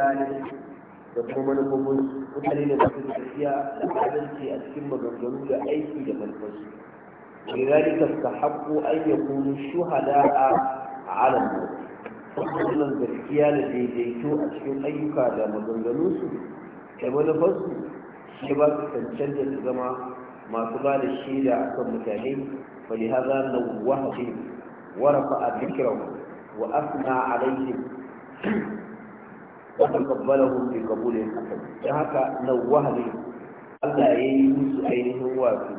halin da kuma manufofin mutane da masu tafiya da adalci a cikin maganganu da aiki da manufarsu لذلك استحقوا أن يكونوا شهداء a الموت wannan gaskiya da daidaito a cikin ayyuka da maganganunsu da manufarsu shi ba su cancanta su zama masu ba da shaida a kan mutane fali na wahabi warafa a zikirau wa asna alaihim wanda kabbalahu bi qabulin hasan dan haka nawwahi Allah ya yi musu ainihin wato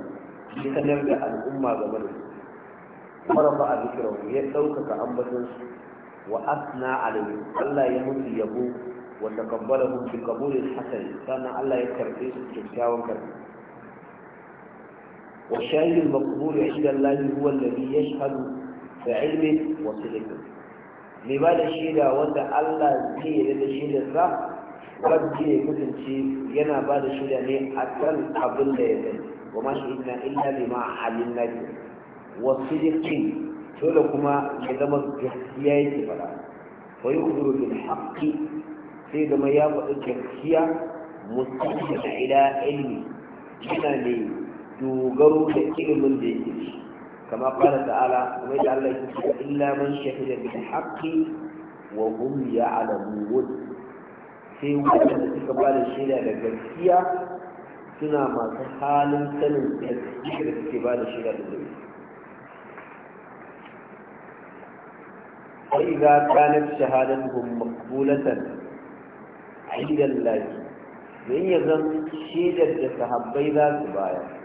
shi sanar da al'umma game da su farfa a ya ɗaukaka ambaton su wa asna alayhi Allah ya musu yabo wa takabbalahu bi qabulin hasan sannan Allah ya karbe su kyakkyawan karbe والشاهد المقبول عند الله هو الذي يشهد بعلم وصدق mai ba da shaida wanda Allah zai yi da shaidarsa wanda ya kasance yana ba da shida ne a kan abin da ya gani wa shi ina illa ne ma halin nabi wa sidiqi dole kuma ya zama gaskiya yake fara wa yukhbiru bil haqqi sai zama ya faɗi gaskiya mustaqbil ila ilmi yana ne dogaro da ilimin da yake shi كما قال تعالى وما يجعل لا يشرك الا من شهد بالحق وهم يعلمون في وجهه تقبل الشيء على الجنسية سنة ما تحال سنة تذكر تقبل الشيء على الجنسية وإذا كانت شهادتهم مقبولة عند الله من يظن شيء جد سحب بيضا سبايا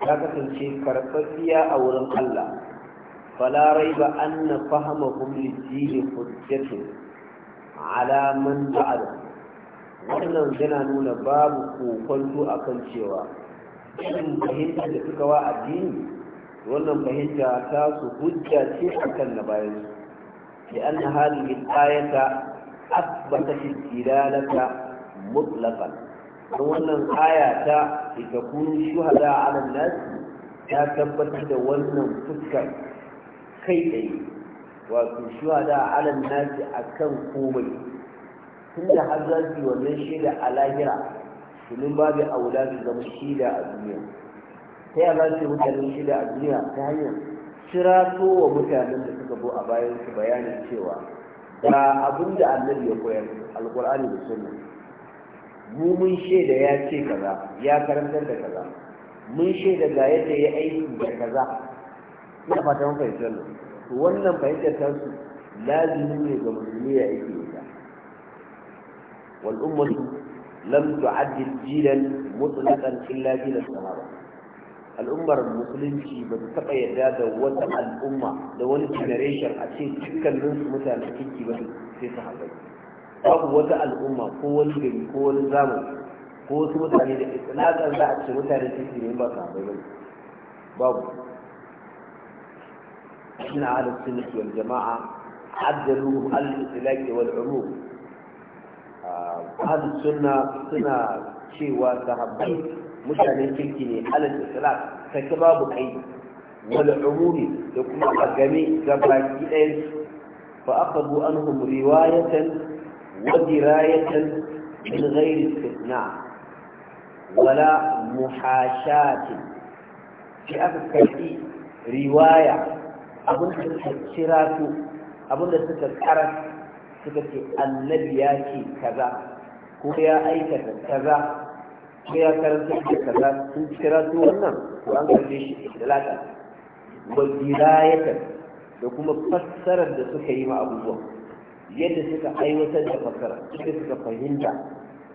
Ya kasance karfafiya a wurin Allah fala raiba anna fahmahum lidini hujjatun ala da ba'da wannan yana nuna babu kokonto kan cewa ɗin fahimta da suka wa addini wannan fahimta ta su hujja ce a kan na bayan su da an hali ayata asibata shi dilalata mutlaka wannan aya ta litakunu shuhada ala nas ya tabbatar da wannan fuskar kai dai wato shuhada ala nas akan komai tunda har za su wannan shaida a lahira domin babu aula su zama a duniya ta yaya za su mutanen shaida a duniya ta hanyar cirato wa mutanen da suka zo a bayan su bayanin cewa Da abinda da annabi ya koyar alkur'ani da sunna mu mun shaida ya ce kaza ya karantar da kaza mun shaida ga yadda ya aiki da kaza ina fata mun fahimci wannan to wannan fahimtar ta su lazimi ne ga musulmi ya aiki da ita wal ummatu lam tu'addid jilan mutlaqan illa jilan sahaba al'ummar musulunci ba ta taɓa yarda da wata al'umma da wani generation a ce su mutanen kiki ba sai sahabbai babu wata al'umma ko wani gari ko wani zamani ko wasu mutane da itlaqan za a ce mutane su ne ba sahabbai bane babu ina ala sunnati wal jama'a addalu al itlaq wal umum ah, ahli sunna suna cewa sahabbai mutanen kirki ne ala itlaq sai babu kai da kuma والعموم لكم أقامي قبل كده فأخذوا أنهم رواية ودراية من غير استثناء ولا محاشاة في أفكار رواية أبن تكرات أبن تكرات تكتي النبي ياتي كذا كويا أيكة كذا كويا كرنت كذا تكرات ونم وأنت ليش إحدالاتا ودراية da kuma fassarar da suka yi ma abubuwan yadda suka aiwatar da fakar suka suka fahimta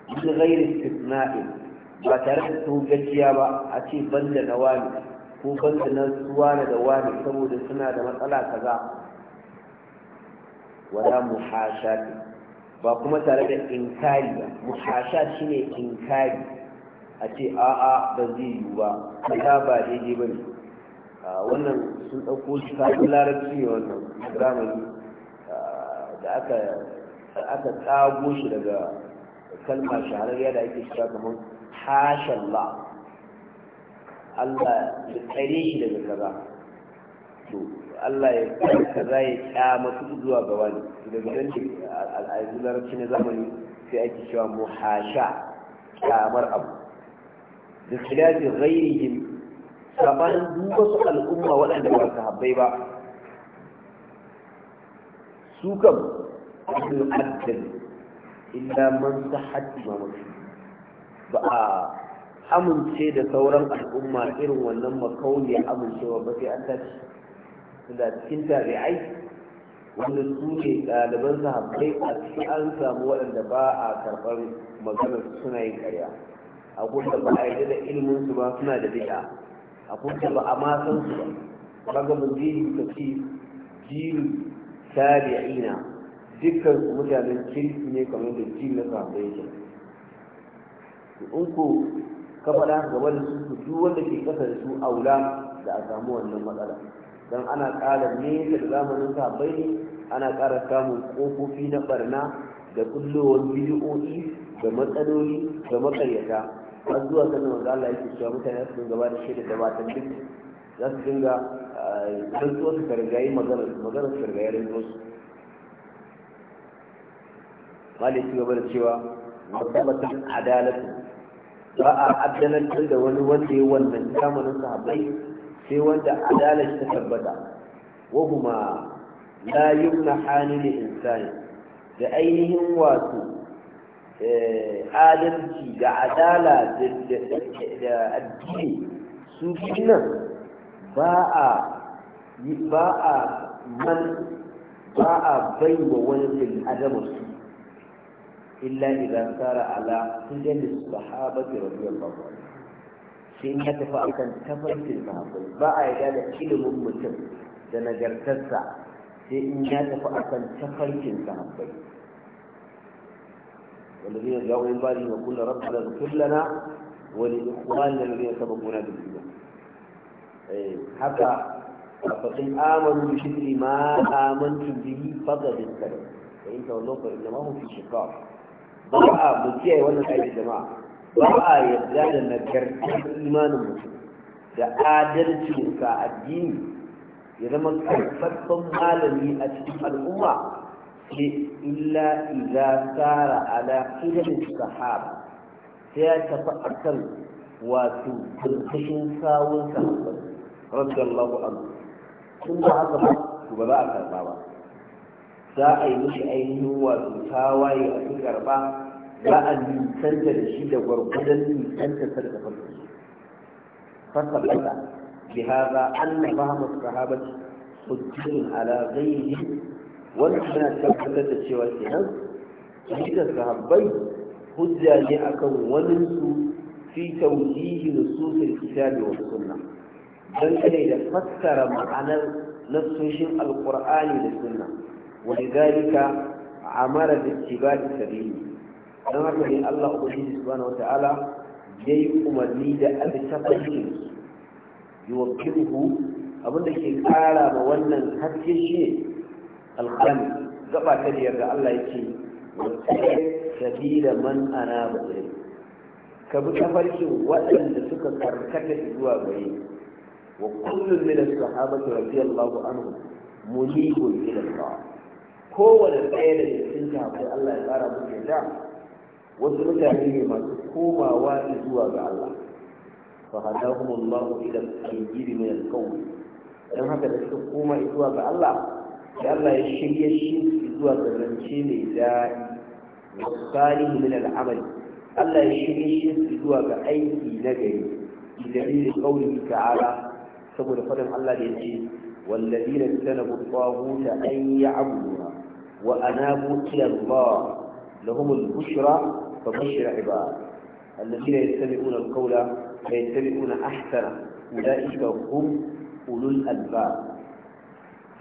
bi ghairi istisna'in ba tare da gajiya ba a ce banda na wani ko banda na suwana da wani saboda suna da matsala kaza wala muhashati ba kuma tare da inkari ba muhashat shine inkari a ce a'a ba zai yi ba kaza ba daidai ba ne ah, wannan sun ɗauko shi kafin larabci ne wannan da aka aka tsago shi daga kalmar shahararriya da ake shiga kamar hashallah Allah ya tsare shi daga kaza to Allah ya tsare kaza ya kyamatu zuwa ga wani daga nan ne al'adu larabci na zamani sai ake cewa muhasha kyamar abu da khilafin ghairihim sabanin duk wasu al'umma waɗanda ba su habbai ba su kam ibn addan illa man sahat imamatu ba a amince da sauran al'umma irin wannan makauli amincewa ba sai an tashi da cikin tabi'ai wanda su ne ɗaliban sahabbai a cikin an samu waɗanda ba a karɓar maganar suna yin ƙarya a kuma ba a yi da ilimin su ba suna da bid'a a kuma ba a ma san su ba kaga mun ji ka ci jiru tabi'ina dukkan mutanen kirki ne kamar da ji na sahabbai yake in ku ka faɗa gaba da su duk wanda ke ƙasa da su aula da a samu wannan matsala don ana ƙara nesa da zamanin sabai ne ana ƙara samun ƙofofi na ɓarna da kullowar bidiyo'i da matsaloli da maƙaryata har zuwa sanin wanda Allah yake cewa mutane su gaba da shaida da ba ta duk za su dinga eh, rantsuwa su kargayi maganar su maganar su kargayi rantsuwa su mali su gaba da cewa musamman adalatu ba a adalantar da wani wanda ya wannan zamanin sahabbai sai wanda adalar ta tabbata wahuma la yumna hani li insani da ainihin wato eh, adalci da adala da addini su nan ba a man ba a bai wa wani bin adamu su illa idan tsara ala sun yadda su sahabatu radiyallahu anhu sai in ya tafi akan tafarkin sahabbai ba a yarda da ilimin mutum da nagartarsa sai in ya tafi akan tafarkin sahabbai والذين جاءوا من kullana wani ربنا اغفر لنا ولاخواننا الذين سبقونا بالايمان Eh, haka فقل آمنوا بشكل ما آمنتم به فضل da فإن تولوا فإنما هم في شقاق بقى بكي وانا قاعد الجماعة بقى يزداد النكر da adalcin ka addini ya zama karfaffen malami a cikin al'umma sai illa Iza, sara ala ilmin sahaba sai ya tafi akan wato kurkushin sawun sahabbai radiyallahu anhu tun da haka ba to ba za a karba ba za a yi mishi ainihin wato tawaye a cikin karba za a nisanta da shi da gwargwadon nisanta sa da farko fasalata bi hadha anna fahmu sahabati hujjatun ala ghayrihi wannan yana tabbatar da cewa kenan fahimtar sahabbai hujja ne akan wani su fi taujihi nususul kitabi wa sunnah dangane da fassara ma'anar nassoshin alkur'ani da sunna wani zalika a mara da da sabili don haka ne allah ubangiji subhanahu wata'ala ya yi umarni da alitafashi yuwakiluhu abinda ke kara ma wannan haske shi alkhami gaba ta biyar da allah yake sabila man ana ba ka bi tafarkin waɗanda suka karkata zuwa gare وكل من الصحابة رضي الله عنهم منيب إلى الله kowane ɗaya da cikin sahabbai Allah ya tsara musu yadda wasu mutane ne masu komawa zuwa ga Allah fa hadahum Allah ila al-sayyid min al-qawl dan haka da suka koma zuwa ga Allah sai Allah ya shirye shi zuwa ga zance mai daɗi Allah ya shirye shi ga aiki na gari ta'ala saboda faɗin Allah da yake wallazina tanabu tawahuta an ya'buduna wa anabu ila Allah lahumul bushra fa bashir ibad الذين يتبعون القول فيتبعون أحسنه أولئك ya أولو الألباب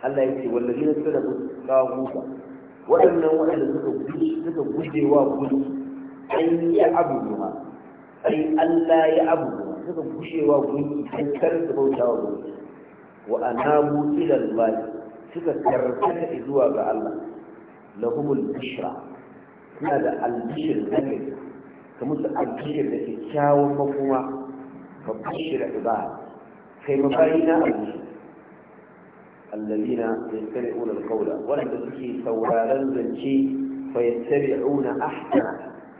الله يقول والذين تنبوا الطاغوت waɗannan waɗanda suka guje gudu an yi abubuwa ai Allah ya abu suka gushewa gunki don kar bauta wa gunki wa anabu ila Allah suka karkata zuwa ga Allah lahumul bishra suna da albishir da ke ka musu albishir da kyakkyawan makoma ka bishira ibada kai mabayina albishir الذين يستمعون القول ولم تسكي ثورا su فيتبعون أحسن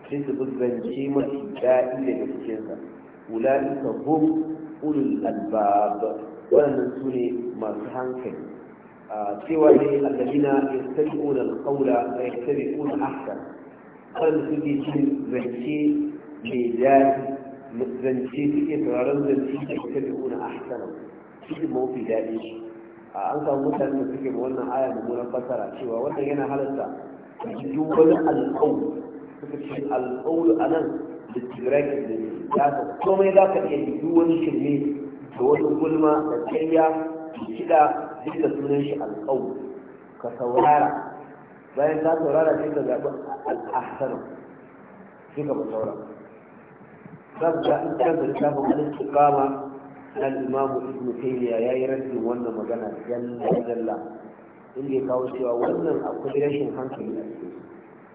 حيث بالزنجي متجائي لنفسك ulaika hum ulul albab wannan sune masu hankali cewa ne alladina yastabi'una alqawla wa yattabi'una ahsan kan suke cin zance mai daɗi zance suke sauraron zance da yattabi'una ahsan shi mafi daɗi shi an samu mutane da suke wannan aya mummunan fassara. cewa wannan yana halatta duk wani alƙawu suka ce alƙawu a nan da tsibirai da za ka komai za ka iya yi wani shirme da wani gulma da karya da kiɗa duk da sunan shi alƙawu ka saurara bayan ta saurara sai ka zaɓi al'ahsanu sai ka ba saura za ku ga an kan da littafin al-istiqama na imamu ibnu taymiya yayi raddin wannan magana jalla jalla inda ya kawo cewa wannan akwai rashin hankali a cikin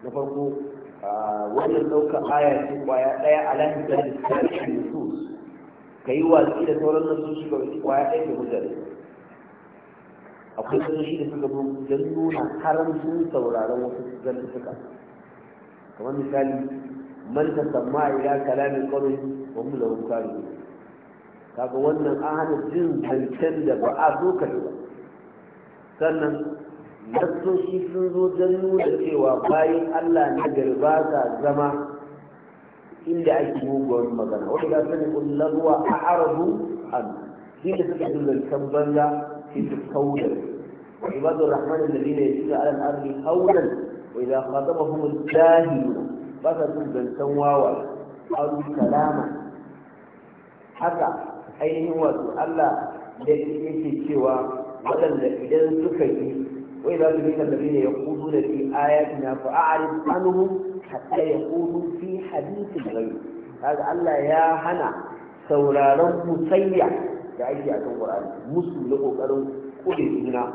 na farko wannan ɗaukar aya ce kwaya ɗaya a lahin da lissafin nusus ka yi watsi da sauran nususi ga wasu kwaya ɗaya da mutane akwai shi da suka zo don nuna karancin sauraron wasu zantuka kamar misali man ta samma ila kalamin qawli wa mu zaun karihun kaga wannan an hana jin zancen da ba a zo ka ba sannan nasoshi sun zo don nuna cewa bayan Allah na garba ta zama inda ake muguwar magana wanda ga sani kullaruwa a arabu an shi da suka yi zancen banza shi su kaunar ibadu rahman alladhina yasuna ala al-ardi hawlan wa idha khatabahum al-jahilun ba sa sun zancen wawa qalu salama haka ainihin wato Allah da yake cewa waɗanda idan suka yi وإذا تبين الذين يقولون في آياتنا فأعرض عنهم حتى يقولوا في حديث غيره هذا الله يا هنا سوراran musayya da ake a kan ƙwararri musu da ƙoƙarin ƙuɗe juna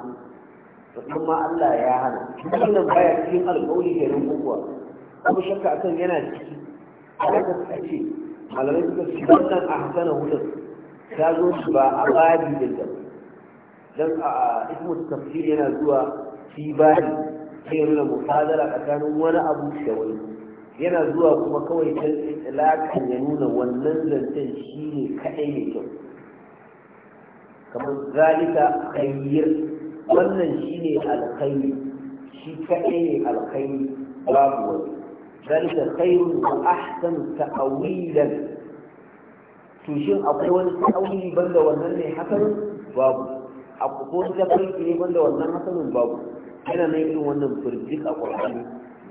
musamman ma Allah ya hana wannan baya cikin alƙawli ke nan kuwa kuma shakka akan yana ciki a haka suka ce malamai suka ce wannan a hasana hudu ta zo ba a dan a ismu tafsir yana zuwa fi bani sai ya nuna muhadara tsakanin wani abu da wani yana zuwa kuma kawai dan ilakan ya nuna wannan zancen shi ne kaɗai ne kyau kamar zalika khayyir wannan shi ne alkhairi shi kaɗai ne alkhairi babu wani ذلك خير وأحسن تأويلا to shin akwai wani ta'awili banda wannan ne hakan babu a wani ta yake ne wanda wannan hasanin babu yana na irin wannan firjik a ƙwarƙani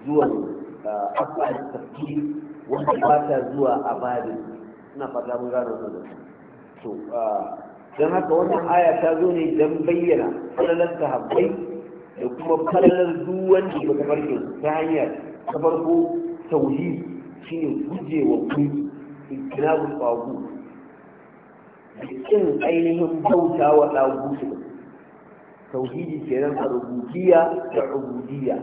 zuwa akwai ah, tafi wanda ba ta zuwa a babin suna fata mun gano wannan to ah, don haka wannan aya ta zo ne don bayyana falalar sahabbai da kuma falalar da ba ta farko ta hanyar ta farko tauhid shine gujewa kuɗi ikinabu tsawo cikin ainihin bauta wa ɗagutu tauhidi nan a rubutiya da rubutiya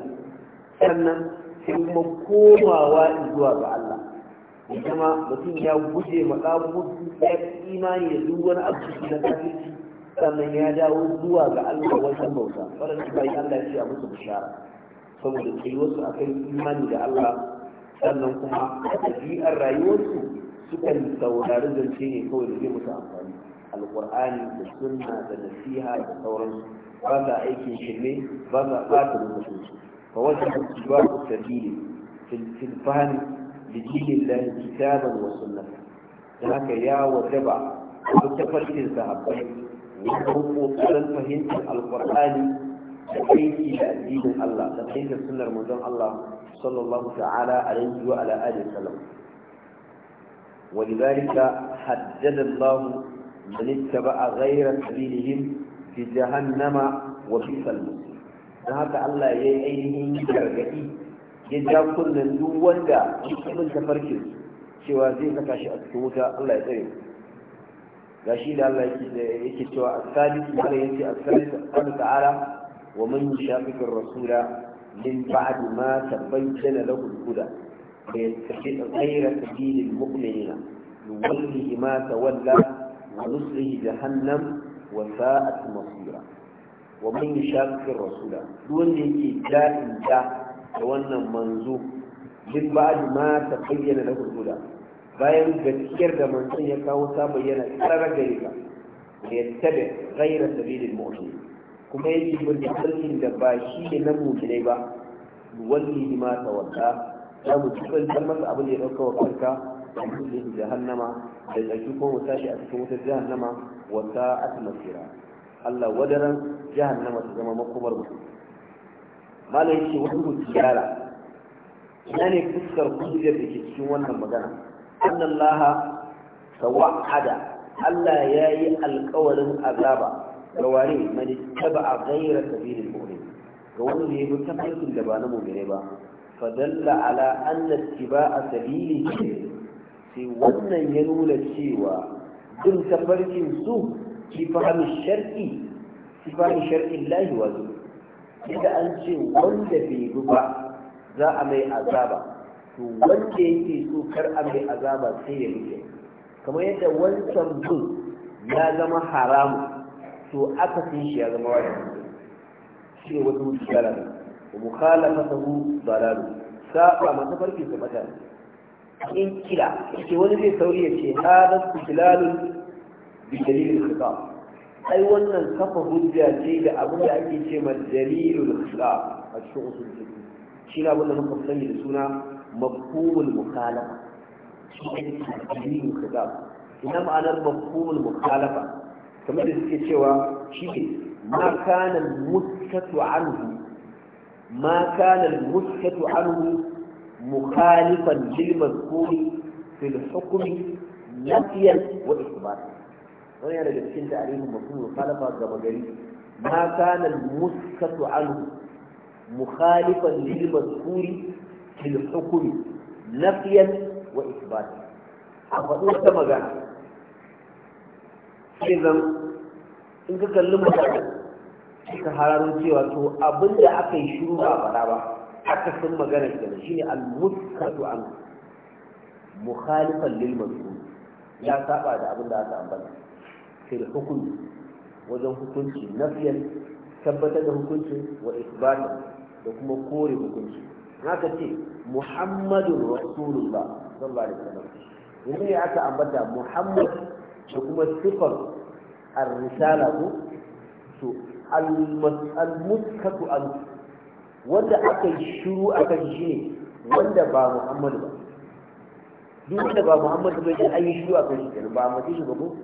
sannan sai kuma komawa zuwa ga Allah kuma mutum ya guje makabutu ya imani da duk wani abu na kafirci sannan ya dawo zuwa ga Allah wajen bauta waɗanda bai Allah ya a musu bishara saboda tsayuwarsu a kan imani da Allah sannan kuma a ɗabi'ar rayuwarsu sukan saurari zance ne kawai da zai musu amfani alkur'ani da sunna da nasiha da sauran ba sa aikin shirme ba sa ɓata lokacinsu fa wajen ba ku sabili fil da li da kitaban wa sunnata da haka ya wajaba ku tafarkin sahabbai wanda ku kokarin fahimtar alƙur'ani da aiki da addinin Allah da aiki sunnar manzon Allah sallallahu ta'ala alaihi wa ala alihi wa sallam ولذلك حدد الله man ittaba ghayra sabilihim fi jahannama wa fi dan haka Allah yayi ainihin gargadi ya ja kullun duk wanda ibn tafarkin cewa zai saka shi a cikin wuta Allah ya tsare shi da Allah yake cewa a sadiq Allah yace a sadiq Allah ta'ala wa man yushaqiqu rasula min ba'd ma tabayyana lahu al-huda فيتخذ غير سبيل المؤمنين يوله ما تولى ونصله جهنم وساءت مصيرا ومن يشاقق الرسول دون يجي جاء جاء وانا منزوب من بعد ما تبين له الهدى bayan gaskiyar da manzon ya kawo ta bayyana tsarar gari ka ya tabe gaira sabilin mu'min kuma yake bin tsarin da ba shi ne na mu'minai ba walli ma za mu masa abin da ya dauka da mutum jahannama da kuma ko mutashi a cikin wutar jahannama wa sa'at masira Allah wadaran jahannama ta zama makomar mutum malam yake wani mutiyara ina ne fuskar hujjar da ke cikin wannan magana annallaha tawa'ada Allah ya yi alkawarin azaba ga ware mani taba a gaira sabilin mu'min ga wanda ya bi tafarkin da ba na mu'mine ba fadalla ala a tiba'a sabili sai wannan ya nuna cewa bin tabarkin su ki fahimi shar'i ki fahimi shar'in lahi wazo inda an ce wanda bai bi ba za a mai azaba to wanda yake so kar a mai azaba sai ya rike kamar yadda wancan bin ya zama haramu to aka sun shi ya zama wajibi shi ne wata wuce gara ne wa mukhalafatahu dalalu sa ma tafarkin sa mutane in kila ke wani zai sauri ya ce hadar kujilalun bidalilin khitab ai wannan kafa hujja ce da abin da ake ce ma dalilul khitab a cikin usul fiqh shi na abin da muka sani da suna mafhumul mukhalafa shi ne dalilul khitab ina ma'anar mafhumul mukhalafa kamar da suke cewa shi ne ma kanan muskatu anhu ma kana muskatu anhu mukhalifan lil mazkuri fil hukmi nafiyan wa isbat wani yana daga cikin tarihin mafhumul mukhalafa gaba gari ma kana al muskatu anhu mukhalifan lil mazkuri fil hukmi nafiyan wa isbat a faɗi wata magana sai zan in ka kalli magana to abinda aka yi shiru ba a ba akasin magana shi ne al-muskatu an mukhalifan lil mazmum ya saba da abin da aka ambata fil hukmi wajen hukunci nafiyan tabbatar da hukunci wa isbatan da kuma kore hukunci haka ce muhammadun rasulullah sallallahu alaihi wasallam yanzu ya aka ambata muhammad da kuma sifar ar-risala ko to al-muskatu an wanda aka yi shiru aka yi shi ne wanda ba muhammadu ba duk wanda ba muhammadu ba an yi shiru aka yi shi ba mu shi ba ko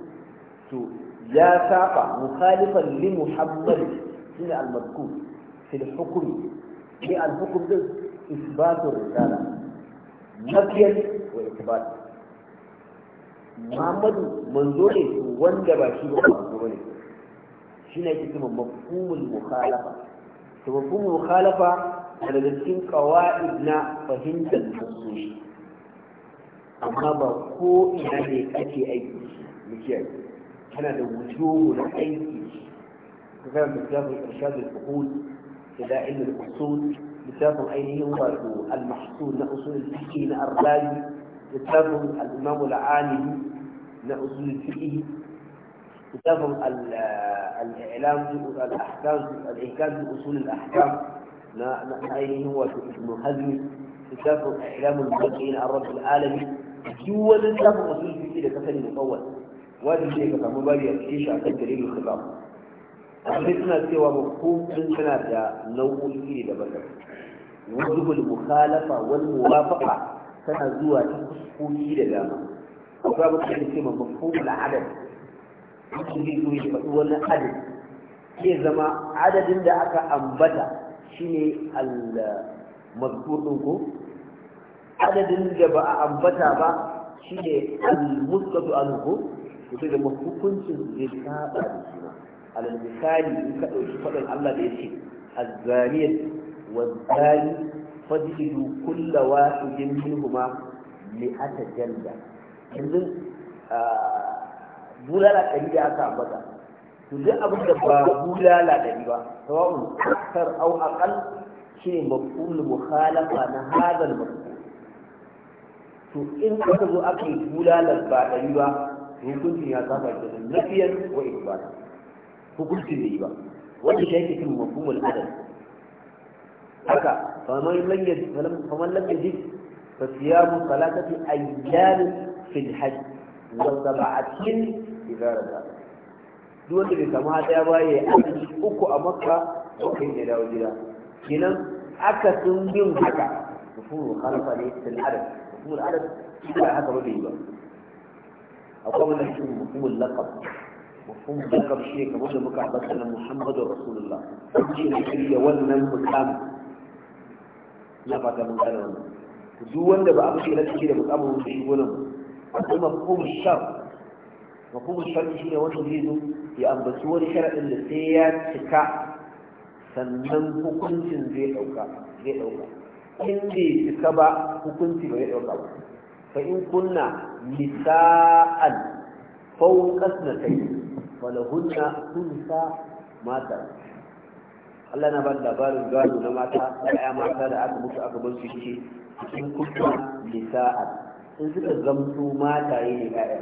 to ya saba mukhalifan li muhammad shine al-mazkur fil hukm bi al-hukm din isbatu risala nafiyar wa isbat muhammadu manzo ne wanda ba shi ba manzo ne shine yake mafhumul mukhalafa to babban mukhalafa a daga cikin qawaid na fahimtar nasoshi amma ba ko ina ne ake aiki aiki. kana da wujuhu na aiki ka kana da kitabun irshadul fuhul da da'ilul usul littafin ainihin wato al-mahsul na usul fiqh na arba'i littafin al-imam al-alihi na usul fiqh كتابهم الإعلام الأحكام الإحكام بأصول الأحكام أين هو ابن حزم كتابهم إعلام المبدعين عن رب العالمين هو كتاب أصول الفكر كفن مطول وهذا الشيء كتاب مبالي الشيش على دليل الخطاب الفتنة سوى مفهوم من ثلاثة نوع الفكر لبدا وجب المخالفة والموافقة سنة زوى تفسقوا إلى داما وفابق مفهوم العدد mutum zai so ya faɗi wani adadi zai zama adadin da aka ambata shine al-mazkur ko adadin da ba a ambata ba shine al-mustadu anhu ko to sai da hukuncin zai saba da shi ba alal misali in ka dauki faɗin Allah da yake az-zaniyat waz-zani fajlidu kulla wahidin minhuma mi'ata jalda yanzu ah, bulala ɗari da aka ambata to duk abin da ba bulala ɗari ba sawa'un akthar au aqal shi ne maf'ul mukhalafa na hadal maf'ul to in aka zo aka yi bulala ba ɗari ba hukuncin ya saba ke da nafiyan wa ibada hukuncin da yi ba wanda shi yake cin mafhumul adal haka faman lam yajid faman lam yajid fa siyamu salatati ayyamin fil hajj wa sab'atin idza raja duk wanda bai samu hadaya ba ya yi uku a makka ko kai ya dawo gida kenan aka sun bin haka mafhumul khalafa ne fil adad mafhumul adad ba haka ba bai ba akwai wannan shi mafhumul laqab mafhum laqab shi kamar da muka ambata na Muhammadu Rasulullah shi ne shirya wannan mukam na fata mun gane wannan duk wanda ba a mishi rashi da mukamin shi gonan akwai mafhum shar مفهوم shi ne wanda zai zo ya ambaci wani sharaɗin da sai ya cika sannan hukuncin zai ɗauka zai ɗauka in bai cika ba hukunci ba zai ɗauka ba fa in kunna nisa'an fawqas na kai falahunna kunsa mata Allah na ba da labarin gado na mata da ya mata da aka mutu aka bar su ce in kunna nisa'an in suka zamto mataye ne 'ya'ya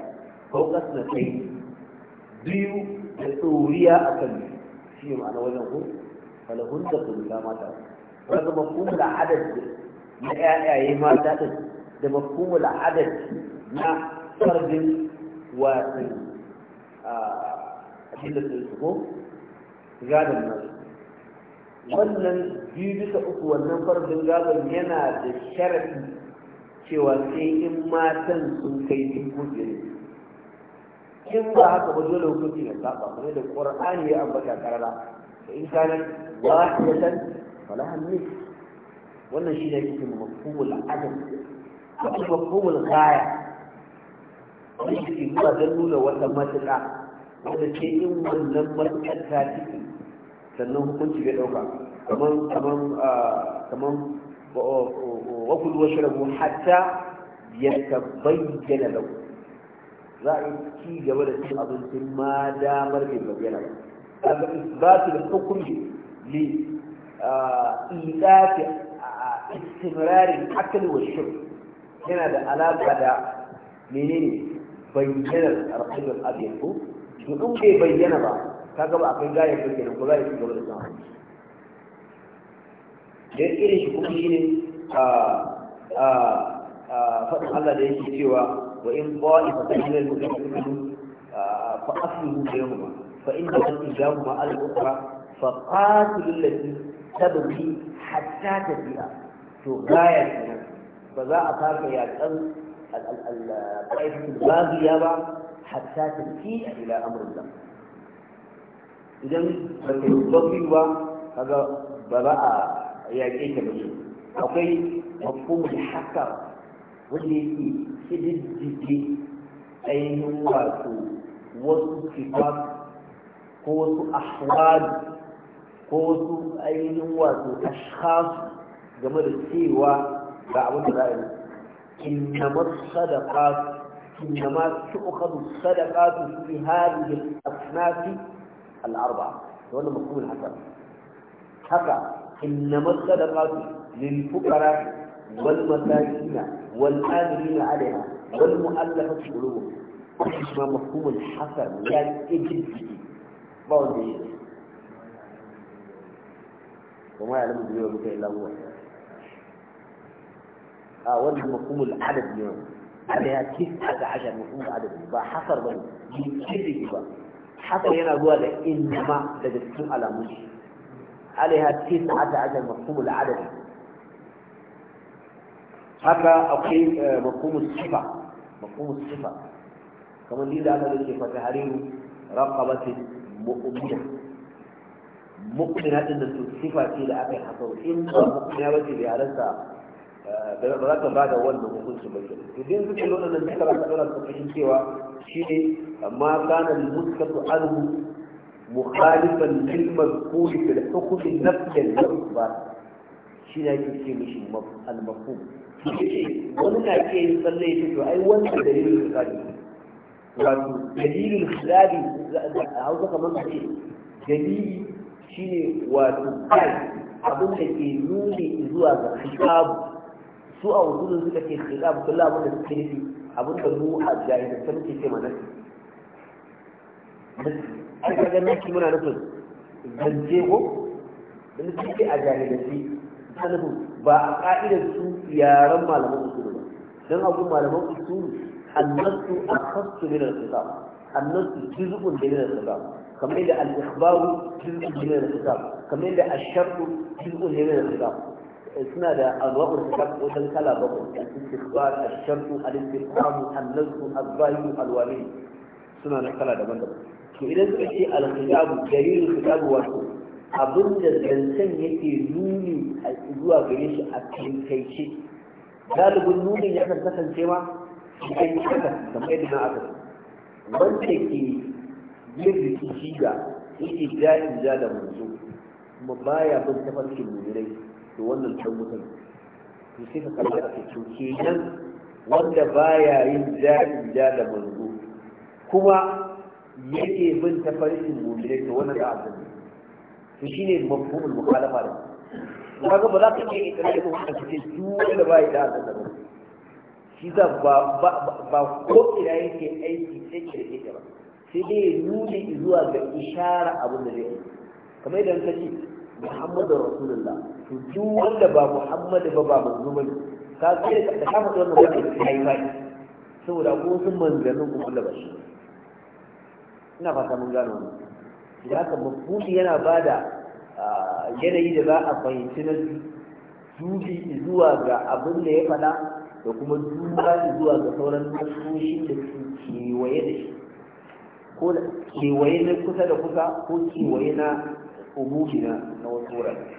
faukas na kai biyu da tsoriya a kan shi ne ma'ana wajen ku falahun da kula mata wanda mafhumul adad na ƴaƴaye mata din da mafhumul adad na fardin wato a cikin da su ko gadon nasu wannan biyu bisa uku wannan farjin gaban yana da sharaɗi cewa sai in matan sun kai dubu biyar in ba haka ba dole hukunci na saba kuma da qur'ani ya ambata karara in kana wahidatan fala hamni wannan shi ne yake mafhumul adam ko mafhumul ghaya wani shi ba dan nuna wata matuƙa wanda ke in wannan matuƙar ta ciki sannan hukunci bai ɗauka kamar kamar kamar wakul washrabu hatta yatabayyana lahu za a yi ci gaba da cin abinci ma damar mai bayyana kaga isbatu da hukumi li ilafi istimrarin akali wa shirk yana da alaƙa da menene bayyanar rahimin abin ko to in bai bayyana ba ka gaba akwai gaya da kenan ko za ya ci gaba da samu dan irin shi kuma shi ne faɗin Allah da yake cewa وإن طائفة من المؤمنين آه، فأصله بينهما فإن إجابهما الأخرى فقاتل التي تبغي حتى تبيع تغاية فذا أتاك يا قلب الطائفة الباغية حتى تبكي إلى أمر الله إذن فكيف ta yi هذا ba kaga ba za a مفهوم الحكر wanda yake kididdige ainihin wato wasu sifat ko wasu ahwal ko wasu ainihin wato ashkhas game da cewa ga abin da za a yi إنما الصدقات إنما تؤخذ الصدقات في هذه الأصناف الأربعة وهذا مفهوم الحسن حقا إنما الصدقات للفقراء والمساكين والآمرين عليها والمؤلفة قلوبهم ما مفهوم الحسن لا يجد بعض وما يعلم الذنوب بك إلا هو آه وين مفهوم العدد اليوم عليها تسعة عشر مفهوم العدد با حصر بني بكره با حصر هنا هو إنما لدى على مجي عليها تسعة عشر مفهوم العدد haka akwai mafhumus sifa mafhumus sifa kamar ni da aka ce fa tahriru raqabati mu'mina mu'mina din da sifa ce da aka yi haka in ba mu'mina ba ce da yaransa ba za ta ba da wannan hukuncin ba ke to din suke lona nan suka rasa dora su fahimci cewa shi ne ma kana muskatu anhu mukhalifan lil mazkuri fil hukmi nafyan wa isbat shi ne yake ce mishi al mafhum yake wani na ke yin tsalle ya to ai wannan dalilin hisabi wato dalilin hisabi a hausa kamar ka ce dalili shine wato kai abin da ke nuni zuwa ga hisabu su a wuzunin suka ce hisabu kullum abin da suke nufi abin da mu a jahilin ta muke ce mana an kaga naki muna nufin zance ko da nufi a jahilin ta nufin ba a ka'idar su yaren malaman usulu ba don abu malaman usulu annasu akhassu min da kitab annasu juz'un min da kitab kamar yadda al-ikhbaru juz'un min da kitab kamar yadda ash-sharru juz'un min al-kitab suna da arwa'ul da wajen kala bakwai al-istikhbar ash-sharru al-istiqam suna da kala daban-daban to idan suka ce al-kitab dalilul kitab wato abin da zancen yake nuni a zuwa gare shi a kaice galibin nunin ya kan kasance ma idan yi kasa kamar yadda na aka wanda ke yin rikici da yake jaɗin ja da mutu kuma baya bin tafarkin mummunai da wannan can mutum to sai ka kalla a cikin kenan wanda baya yin jaɗin ja da mutu kuma yake bin tafarkin mummunai da wannan da abin to ne mafhumul mukhalafa da kaga ba za ka ce ita ne wanda kake duk da bai da haka ba shi za ba ba ko ina yake aiki take da ita ba sai dai nuni zuwa ga ishara abin da zai yi kamar idan ka ce Muhammadu Rasulullah to duk wanda ba Muhammadu ba ba manzo bane ka ce da ka mutu wannan wanda ya yi fa'i saboda ko sun manzannin kuma da shi ina fata mun gano wannan da haka yana ba da yanayi da za a fahimci na dubi zuwa ga abin da ya fada da kuma duba zuwa ga sauran nasoshi da su kewaye da shi ko kewaye na kusa da kusa ko kewaye na umuhi na wasu wurare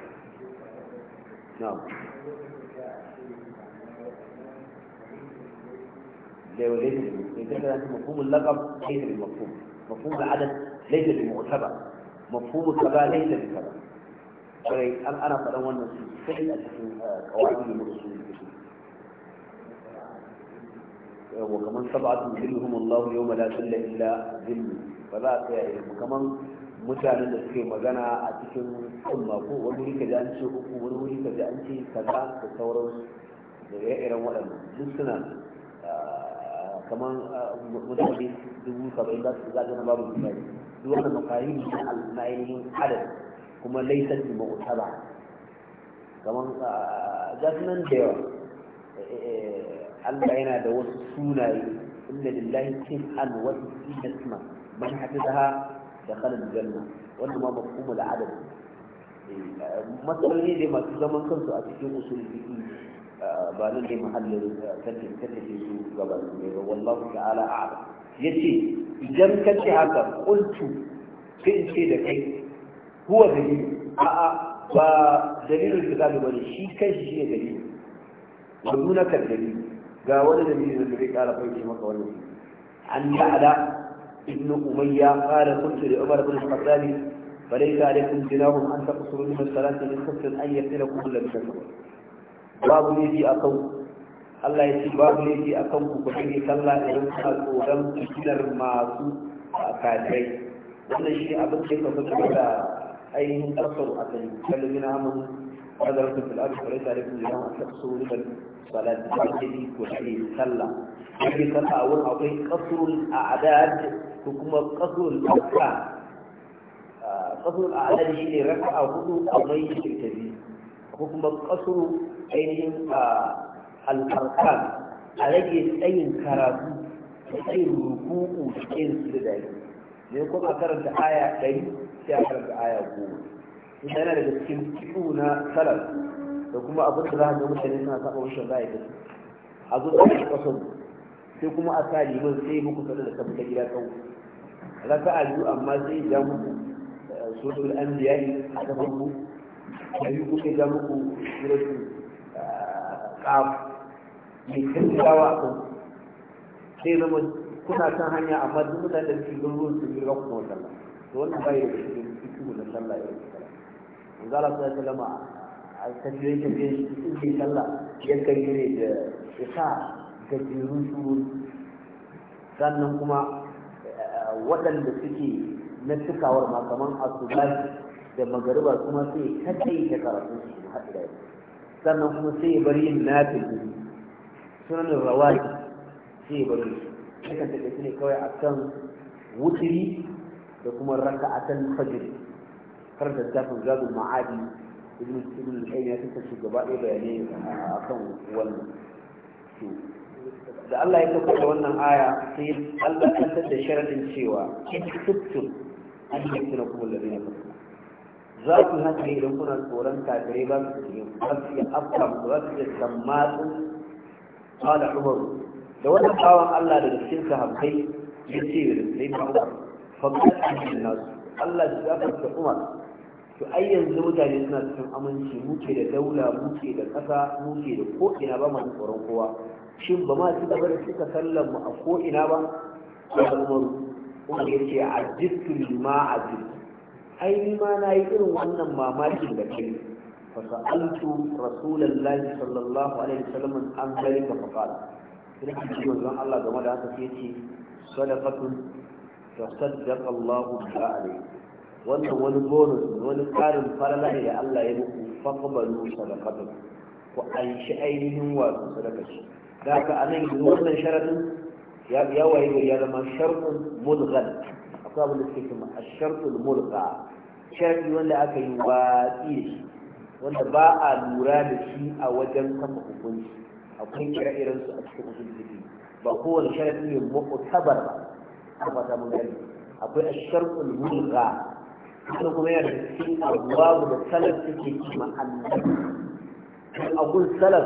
مفهوم اللقب حيث المفهوم مفهوم العدد ليس بمعتبر مفهوم الكبا ليس بكبا شري هل انا فلون في فعل آه، قواعد المرسول وكمان سبعة يذلهم الله يوم لا ذل إلا ذل فلا تعي وكمان مثال الذكر مجانا أتكم ثم أقول وله كذا أنت وله كذا أنت كذا جنسنا إيه آه، كمان ولا جسنا كمان مثال دبوس أبدا تزاجنا بابو wannan makarimi na almayin adad kuma laisar da ba, kamar ah, gasnan da yawa eh, eh, Allah yana da wasu sunaye inda lillahi cin an wasu isma man hafizaha da kalan janna wannan ma da adad eh, matsaloli ne masu zaman kansu a cikin usul fiqi ah, ba nan ne mahallin tattalin ah, tattalin su gaba ne wallahu ta'ala a'lam yace idan ka ce haka ƙultu ka ce da kai huwa gari. a a ba dalilin da za bane shi kai shi shi ne gari. ba nuna kan gari. ga wani dalilin da zai kara fahimci maka wannan an yi ala ibn umayya qala qultu li umar ibn al-khattab falaysa alaykum jinahu an taqsuru min as-salati da khuffin an yaqila kullu lam tasbu babu ne bi akau Allah ya ce babu laifi a kan ku kuɗi ne sallah idan kuna tsoron fitinar masu kafirai wannan shi ne abin da ya kafa da ainihin ƙasar a kan kalmi na amin wazarar da fil'adu kwarai tare da yawan a kan tsoron salat da ake kuɗi sallah ake sallah a wurin akwai ƙasarun a adad ko kuma ƙasarun ɗauka ƙasarun a adad shi ne raka a hudu a mai shirka ko kuma ƙasarun ainihin a ah, al'arkan a rage tsayin karatu da tsayin rukuku da tsayin su da dare ne kuma karanta aya ɗari sai a karanta aya goma ina yana daga cikin kiɗu na salaf da kuma abin da za a ga mutane suna saba wucin za a yi da su a zo da ƙasar sai kuma a sa liman sai muku sada da tabbata gida kawo za ka aju amma sai ya muku eh, sotul an ne a gaban mu a yi kuka ja muku suratul ƙafu eh, mai gaggawa a kan sai zama kuna kan hanya amma duk mutane da suke zurgun su bi rakku wa sallah to wannan bai da shi ikimu wajen sallah ya yi sallah in zara su ta lama a tafiye tafiye in bai sallah ya kan yi ne da isa ga jirun shuru sannan kuma eh, waɗanda suke na cikawar ma kamar asubahi da magariba kuma sai kadai ta karatu su haɗu da sannan kuma sai ya bari yin nafin sunanin rawaki sai ya bari yakan take shi ne kawai akan wutiri da kuma raka'atan fajr har da tafin zabin ma'adi ibn ibn al-qayyim ya tsaka su gaba ɗaya bayanai akan wannan to da Allah ya kafa da wannan aya sai Allah ya tsada da sharadin cewa in kuntum an yakuna kuma ladina kafaru za ku haka idan kuna tsoron kafirai ba su yi ba su yi afkam ba su yi sammatsin kala umaru da wannan bawan Allah da cikin sahabbai yace da sai umar fa cikin nas Allah ya zaka umar to ai yanzu mutane suna cikin aminci muke da daula muke da ƙasa muke da ko ina ba mu tsoron kowa shin ba ma su gaba da suka sallan mu a ko ina ba ya umaru umar ya ce a jittu lima a jittu ai ni ma na yi irin wannan mamakin da kai فسألت رسول الله صلى الله عليه وسلم عن ذلك فقال لكن شيء وزن الله كما لا تفيتي صدقة فصدق الله بها عليه وأن ونبون ونقارن فلا لا إلى الله يبقوا فقبلوا صدقته وأنش أينهم وأنش صدقته ذاك أنا يقولون شرط يا يا ويلي يا لما شرط ملغى أقابل الحكمة الشرط الملغى شرط ولا أكي واتيش wanda ba a lura da shi a wajen kafa hukunci akwai kira su a cikin usul fiqh ba kowane sharadi ne mu'tabar ba kuma ta mun gani akwai ash-shartul mulqa kuma kuma yana da cikin abuwa da salaf suke ci ma'anna a kun salaf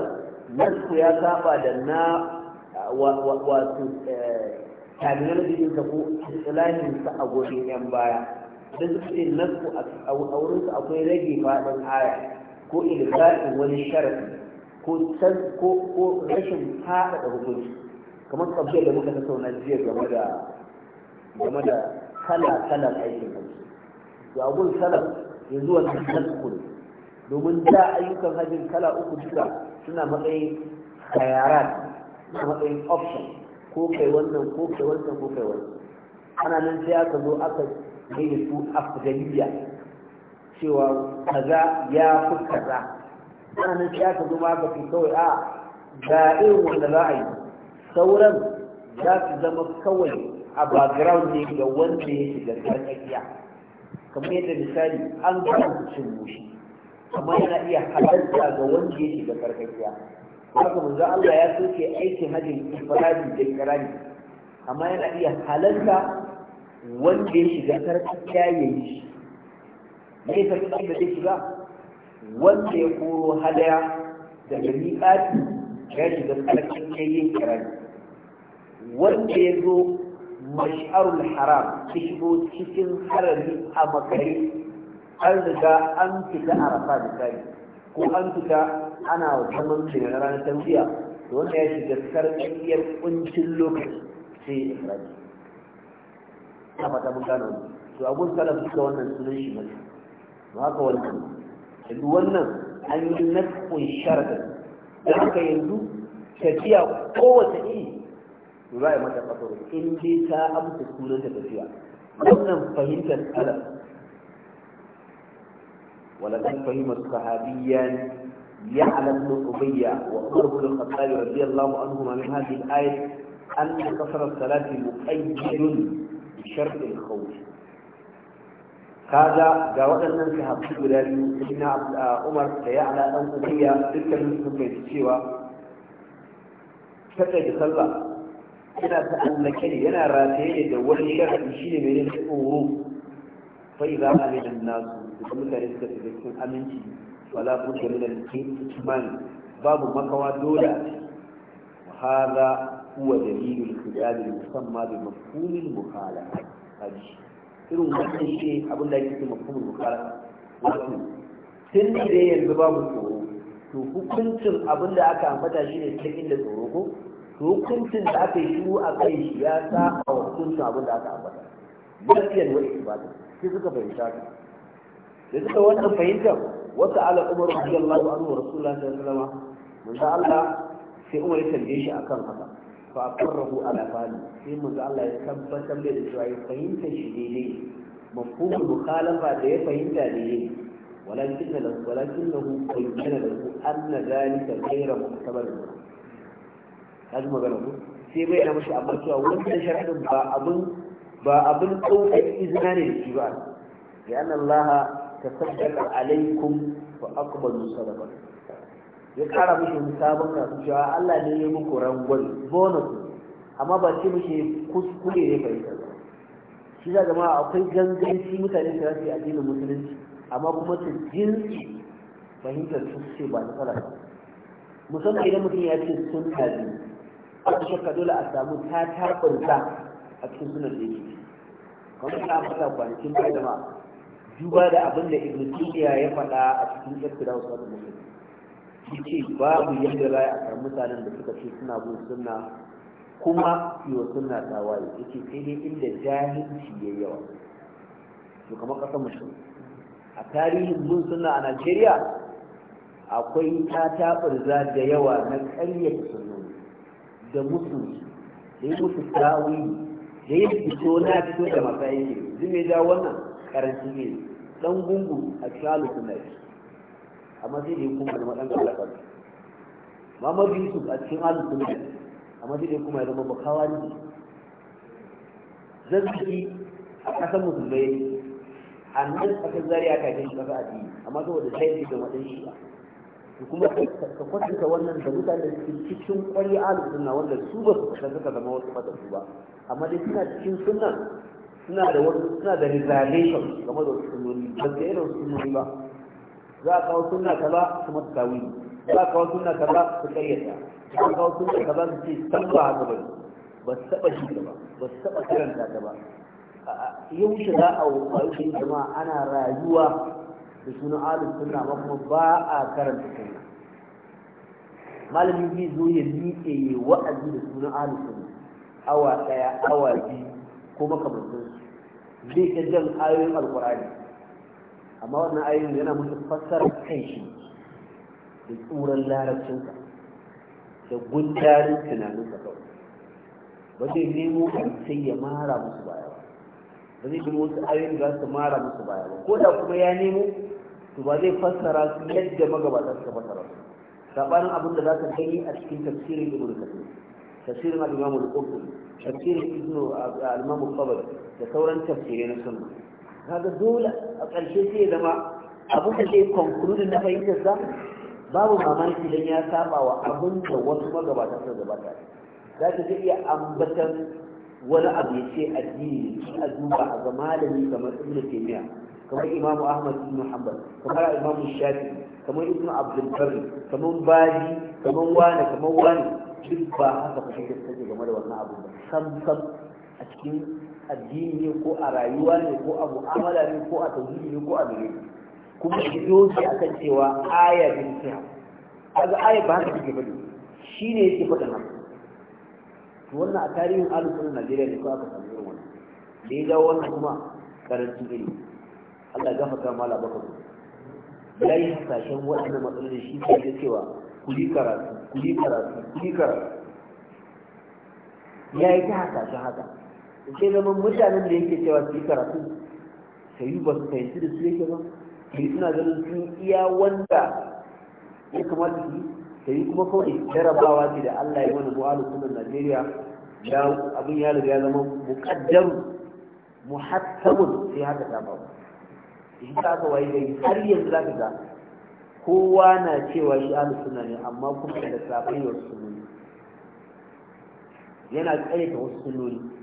nasu ya saba da na wato eh, da ɗinsa ko islahin sa a gobe yan baya idan su ce nasu a wurinsu akwai rage faɗin aya ko ilfa'in wani sharafi ko ko rashin faɗaɗa hukunci kamar tsabiyar da muka tattauna jiya game da game da kala-kalan aikin hajji to abun salaf yanzu wani nasu ne domin da ayyukan hajjin kala uku duka suna matsayin kayarat suna matsayin option ko kai wannan ko kai wannan ko kai wannan ana nan sai aka zo aka mai da su afgaliya cewa kaza ya fi kaza sannan nan ya zo ma ka fi kawai a ga irin wanda za a yi sauran za su zama kawai a background ne ga wanda ya shiga gargajiya kamar yadda misali an gama cin mushi amma yana iya halarta ga wanda ya shiga gargajiya haka manzo Allah ya soke aikin hajjin ifradi da ikrami amma yana iya halarta wanda ya shiga sarkakiya ya yi shi ne sarkakiya da zai shiga wanda ya koro hadaya daga miƙati ya shiga sarkakiya yin kirari wanda ya zo mash'arul haram ya shigo cikin harami a makare an riga an fita a rafa da tsari ko an fita ana zaman shi na ranar tambiya wanda ya shiga sarkakiyar kuncin lokaci sai ya na fata mun gane wannan to abun salaf duka wannan sunan shi ne to haka wannan yanzu wannan an yi nasqun sharadi da haka yanzu tafiya kowace iri to za a yi mata kasar in dai ta amsa sunan ta tafiya wannan fahimtar salaf ولقد فهم الصحابيان يعلم بن أبي وعمر بن الخطاب رضي الله عنهما من هذه الآية أن كسر الصلاة مقيد بشرط الخوف هذا جاءت الناس حق بلال سيدنا عمر سيعلى أن أبيا تلك المسلم بيتشيوا فقد صلى ina ta'allake yana rataye da wani sharafi shi ne mai tsoro fai za a minan nasu da mutane suka cikin aminci wala buɗe minan kiman babu makawa dole a ciki hada huwa dalilul khidal musamma bi mafhumil mukhalafa kaji irin wannan shi ne abin da ake ce mafhumul mukhalafa wato tun da yanzu babu tsoro to hukuncin abin da aka ambata shi ne cikin da tsoro ko to hukuncin da aka yi shiru a kai shi ya sa a hukuncin abin da aka ambata gaskiyan wa ibada sai suka fahimta da suka wannan fahimtar wata ala umar radiyallahu Allah sai umar ya tambaye shi akan haka fa aqarrahu ala fali sai manzo Allah ya tabbatar da cewa ya fahimta shi daidai mafhumul mukhalafa da ya fahimta daidai walakin la walakinahu bayyana lahu anna zalika ghayra muhtamal kaji magana ku sai bai na mashi amma cewa wannan sharadin ba abin ba abin ɗaukar izina ne da shi ba ya anna Allah tasaddaqa alaikum fa aqbalu sadaqatan ya kara mishi wani sabon kasuwa, cewa Allah ne ya muku rangon bonus amma ba ce mishi kuskure ne fahimta ba shi za zama akwai ganganci mutane su rasu addinin musulunci amma kuma su jinsi fahimtar su ce ba na tsara musamman idan mutum ya ce sun tabi a shakka dole a samu ta taɓarza a cikin sunan da yake kamar ta mata kwanakin bai ma duba da abin da ibn ya faɗa a cikin ƙirƙirar wasu ce babu yadda za a samu mutanen da suka ce suna bin suna kuma yiwa suna tawaye yace sai dai inda jahilci ya yawa to kamar kasar musulmi a tarihin bin suna a Najeriya akwai za da yawa na ƙaryata suna da musu da yi musu tawi da yi fito na fito da masayi ne zai mai ja wannan karancin ne dan gungu a cikin alusunan amma zai da ya kuma zama ɗan biyu. Muhammad Yusuf a cikin halin sunna amma zai da ya kuma ya zama bakawa ne Zan zazzaki a ƙasar musulmai a nan ƙasar zariya ta kai shi ƙasa addini amma saboda sai da shi shi'a kuma ka kwatanta wannan da mutane da suke cikin ƙwari alu na wanda su ba su kasar suka zama wasu fatattu ba amma dai suna cikin sunan suna da wani suna da reservation game da wasu sunoni ba da wasu sunoni ba za a kawo sunna kaza kuma su kawo za a kawo sunna kaza su karyata za a kawo sunna kaza su ce san ba haka bane ba su taba shi ba ba su taba karanta ta ba yau shi za a wayo jama'a ana rayuwa da sunan ahlus suna, ba kuma ba a karanta suna. malami zai zo ya miƙe ya wa'azi da sunan ahlus suna awa ɗaya, awa biyu ko makamantansu zai ta jan ayoyin alkur'ani amma wannan ayin yana musu fassara kan shi da tsuran larabcinsa da gundarin tunanin kawai ba zai nemo sai ya mara musu baya ba ba zai nemo wasu ayin da su mara musu baya ba ko da kuma ya nemo to ba zai fassara su yadda magabata suka fassara su sabanin abin da za ka gani a cikin tafsirin ibnu kathir tafsirin al-imam al-qurtubi tafsirin ibnu al-imam al-tabari da sauran tafsirai na sunna kaga dole a ƙarshe sai zama abin da zai konkurudin na fahimtar sa babu mamaki don ya saba wa abin da wasu magabata sun gabata za ta zai iya ambatan wani abu ya ce addini shi a duba a zama da ni kamar ibn taymiya kamar imamu ahmad ibn hanbal kamar imamu shafi kamar ibn abdul barri kamar baji kamar wani kamar wani duk ba haka fahimtar sa game da wannan abu ba sam sam a cikin addini ne ko a rayuwa ne ko a mu'amala ne ko a tauhidi ne ko a gare kuma ki doge akan cewa aya bin siha kaga aya ba haka take bane shine yake faɗa nan. to wannan a tarihin alusunan Najeriya ne ko aka samu irin wannan da ya dawo wannan kuma karatu ne Allah ya gafarta mala baka ku dai hasashen waɗannan matsalar shi ke da cewa ku yi karatu ku yi karatu ku yi karatu ya yi ta hasashen haka sai zama mutanen da yake cewa su yi karatu sai ba su fahimci da su yake ba sai suna ganin sun iya wanda ya kamata su yi sai kuma kawai jarabawa ce da Allah ya wani bu'alu sunan Najeriya da abin ya riga ya zama muqaddaru muhattamun sai haka ta ba shi ta aka waye yi har yanzu zaka ga kowa na cewa shi ahlus sunna ne amma kuma da sabai wasu sunnoni yana tsaye ta wasu sunnoni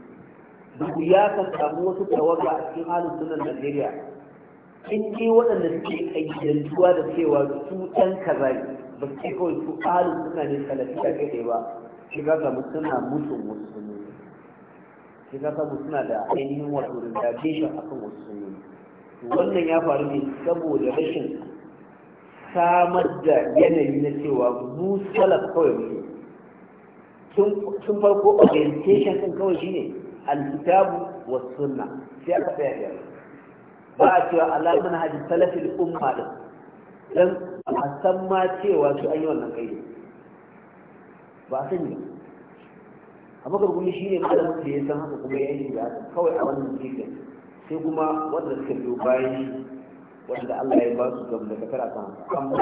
duk ya ka samu wasu tawaga a cikin halin sunan Najeriya in ce waɗanda suke ayyantuwa da cewa su ɗan kaza ne ba su kawai su halin suna ne a kai ba shi ka samu suna mutum wasu sunu shi ka samu suna da ainihin wato da a kan wasu sunu wannan ya faru ne saboda rashin samar da yanayi na cewa mu salaf kawai ne. tun farko orientation kan kawai shine alkitabu wa sunna sai aka tsaya biyar ba a cewa Allah mana hajji salafin umma din dan a san ma cewa su an yi wannan kaidi ba a sani amma kuma shi ne malamin da ya san haka kuma ya yi da kawai a wannan jikin sai kuma wanda suka biyo bayan shi wanda Allah ya ba su gam da kafara kan amma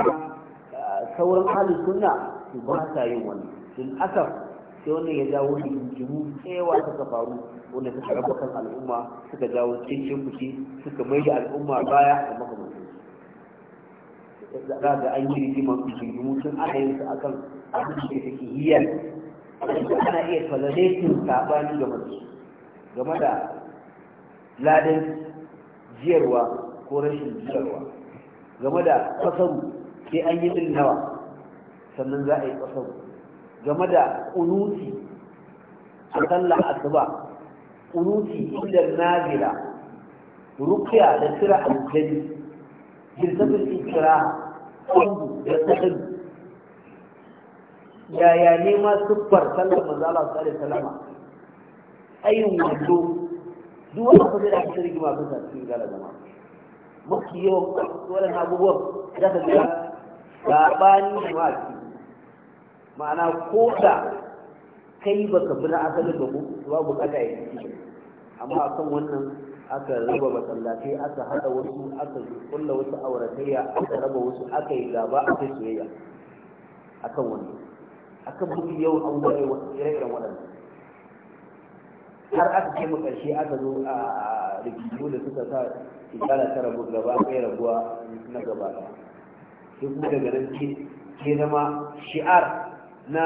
sauran halin sunna su ba sa yin wannan sun aka sai wannan ya jawo rigingimu tsewa ta faru wanda suka rabu kan al'umma suka jawo cikin fushi suka mai da al'umma baya da makamantan za ga an yi rigimar rigimu sun ana yin su akan abin da ke hiyar ana iya tolerating sabani ga da game da ladin jiyarwa ko rashin jiyarwa game da kasaru sai an yi ɗin nawa sannan za a yi kasaru game da unuti a sallah asuba kunuti inda nazira rukiya da tira aljani girgazin ikira kwangu da tsadin yaya nema siffar sallar manzala su alai salama ayin wando duk wani kuma da ake rigima sun sa cikin gala zama mafi yawan waɗannan abubuwan za ka ga ni ma ciki ma'ana ko da kai baka fi na asalin da ku ba yi ya ciki amma akan wannan aka raba masallatai aka hada wasu aka kulla wasu auratayya aka raba wasu aka yi gaba aka soyayya akan wannan akan buɗe yau an gare ire-iren waɗannan har aka kai mu aka zo a rikicu da suka sa ikala ta rabu gaba ɗaya rabuwa na gaba ɗaya sai kuma daga nan ke zama shi'ar na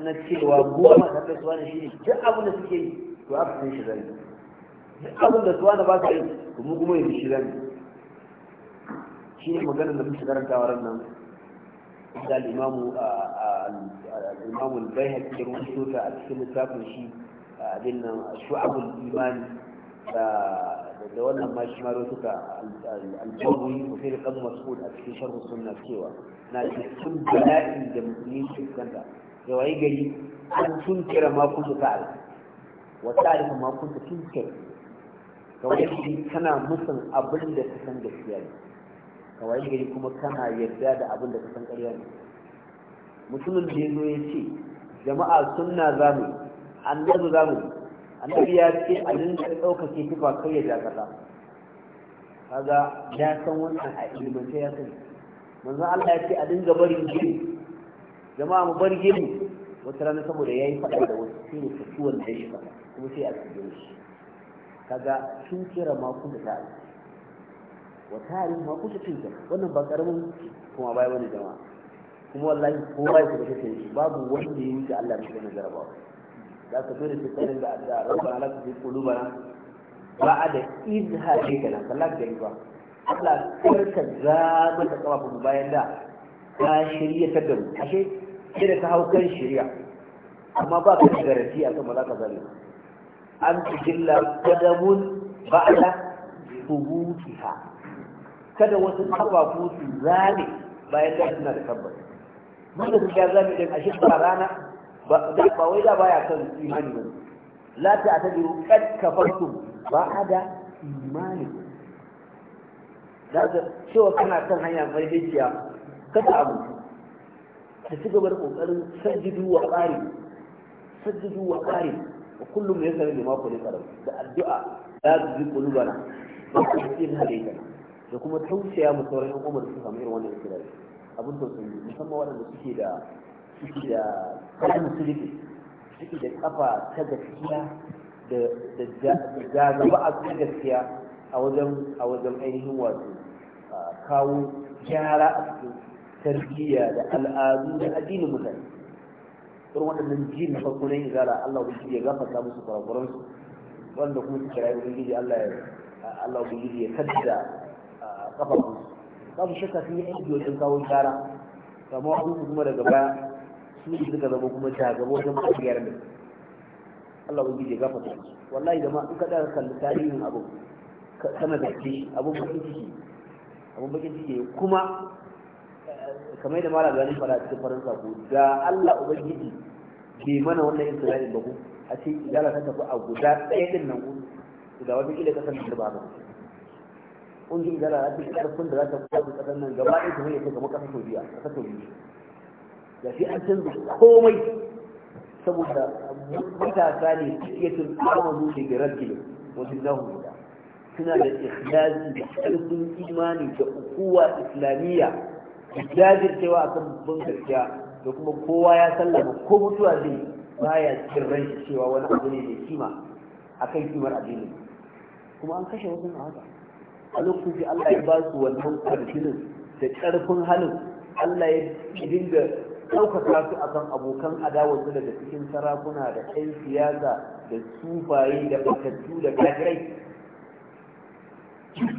na cewa goma ta kai suwa ne shi ne duk abin da suke yi to aka san shi zani duk abin da suwa na ba su yi to mu kuma yanzu shi zani shi ne maganar da muke karantawa ran nan da al-imamu al-imamu al-bayhaqi ya rubuto ta a cikin littafin shi abin nan shu'abul imani da da wannan ma shi ma da suka aljawi ko sai kan mas'ud a cikin sharh sunna cewa na cikin bala'i da musulmi ke kanta da wai gari an tunkira ma kullu ta'ala Wasu ta'rifu ma kunta tinka kawai gari kana musun abin da ta san gaskiya ne kawai gari kuma kana yarda da abin da ta san ƙarya ne mutumin da ya zo ya ce jama'a sunna zamu annabi zamu annabi ya ce a dinga ɗaukake tufa kai ya dakata kaga ya san wannan a ilimance ya sani manzo Allah ya ce a dinga barin gini jama'a mu bar gini wata rana saboda ya yi faɗa da wasu shine kasuwan da shi faɗa kuma sai a cikin shi kaga sun kira ma da ta wa tarihi ma kuma tinka wannan ba karamin kuma bai wani jama'a kuma wallahi ko bai ku da kake shi babu wanda ya yi Allah shi wannan jaraba za ka dole sai kai da Allah rabbana la tuzigh qulubana ba'da idh hadaytana kallak da ba Allah karka zama da kafa bayan da ta shirya ta da ashe sai ka hau kan shirya amma ba ka da garanti akan ba za ka zalunta an tujilla qadamun ba'da thubutiha kada wasu kafafu su zane bayan da suna da tabbas mun da suka zame din a shekara rana ba wai da baya son imani ba la ta tadiru kad kafartum ba'da imanikum da cewa kana kan hanya mai dajiya kada abu da ci gaba da kokarin sajjidu wa ƙari sajjidu wa ƙari wa kullum ya sani da mako ne da addu'a za su ji kulubana da kuma da kuma tausaya mu sauran yan umar su samu irin wannan ikirari abin tausayi musamman waɗanda suke da suke da kalan suke da kafa ta gaskiya da jagaba a ta gaskiya a wajen a ainihin kawo gyara tarbiyya da al'adu da addinin mutane irin waɗannan jin na farko na yin zala Allah ubangiji ya gafarta musu kurakuran su wanda kuma suka rayu ubangiji Allah ya Allah ubangiji ya kaddada kafafun su babu shakka sun yi aiki wajen kawo gyara kamar wasu kuma daga baya su ne suka zama kuma ta jagabo wajen mafiyar da Allah ubangiji ya gafarta musu wallahi da ma in ka ɗaga kalli tarihin abu kana da shi abun bakin ciki abun bakin ciki kuma kamar da malam gani fara cikin farin sako da Allah ubangiji bai mana wannan isra'il ba ku a ce idala ta tafi a guda ɗaya din nan ku da wata kila kasan da ba ba kun ji idala ta fi karfin da za ta fara kasan nan gaba ɗaya ta hanyar ta gama kasa saudiya kasa saudiya da shi an canza komai saboda matasa ne cikin amonu da girarki wajen na da suna da ikhlasi da ƙarfin imani da ukuwa islamiyya jajircewa akan bin gaskiya da kuma kowa ya sallama ko mutuwa zai baya cikin ran cewa wani abu ne mai kima a kan kimar addini kuma an kashe wasu a haka a lokacin Allah ya ba su wannan karfinin da karfin halin Allah ya dinga ɗaukaka su akan abokan adawarsu daga cikin sarakuna da 'yan siyasa da sufaye da batattu da kafirai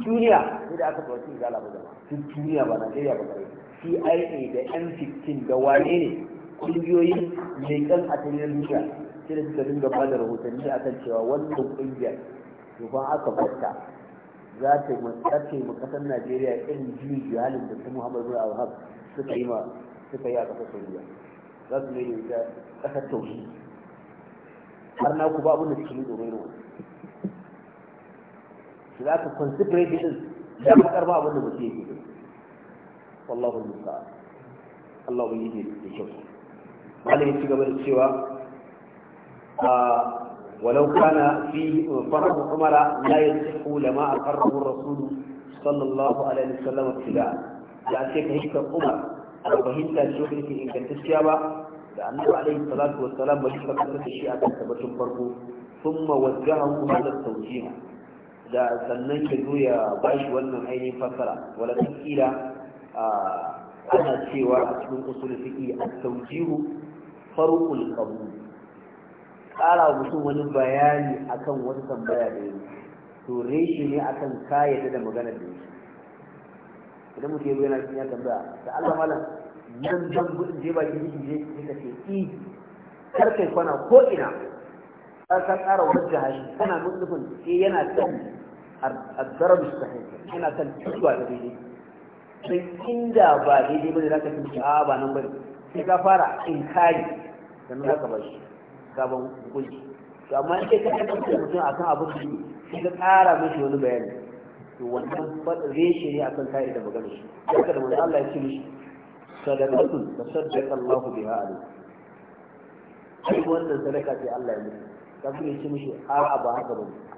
duniya ne da aka tsawaci ga labar duniya ba Najeriya ba kare cia da m15 da wane ne ƙungiyoyin leƙen asirin duniya sai da suka dinga ba da rahotanni a kan cewa wannan ƙungiyar dogon aka batta za ta yi ma ƙasar najeriya irin juyin jihalin da su muhammadu bin alhab suka yi suka yi a ƙasar saudiya za su mai da ita ƙasar tauhi har na ku ba abin da suke yi domin ruwa shi za ka considerate din da ba karba abin da mutum yake والله المستعان الله bai yi da في malami ولو كان في فرض عمر لا يصح لما أقره الرسول صلى الله عليه وسلم ابتداء يعني كيف عمر أو فهمت في إن كنت الشيابة لأنه عليه الصلاة والسلام وجب كثرة الشيعة تثبت فرقه ثم وجهه هذا التوجيه da sannan ya zo ya bashi wannan ainihin fassara wala ana cewa a cikin usul fiqi at-tawjihu farqul qabul kara mutum wani bayani akan wata tambaya da yake to reshi ne akan kayyade da magana da yake idan mutum ya bayyana cikin ya tambaya da Allah malam nan zan gudun je ba gidi je i kar kai kwana ko ina hashi kana sai yana kan yana da sai inda ba daidai bane zaka tunce a ba nan bane sai ka fara kari da nuna bar shi sabon hukunci to amma in kai ka tabbatar mutum akan abin da sai ka ƙara mishi wani bayani to wannan reshe ne akan kari da magana shi haka da wani Allah ya ce mishi da tasaddaqa Allahu biha alayhi shi wannan sadaka sai Allah ya ka fi ne ce mishi a ba haka bane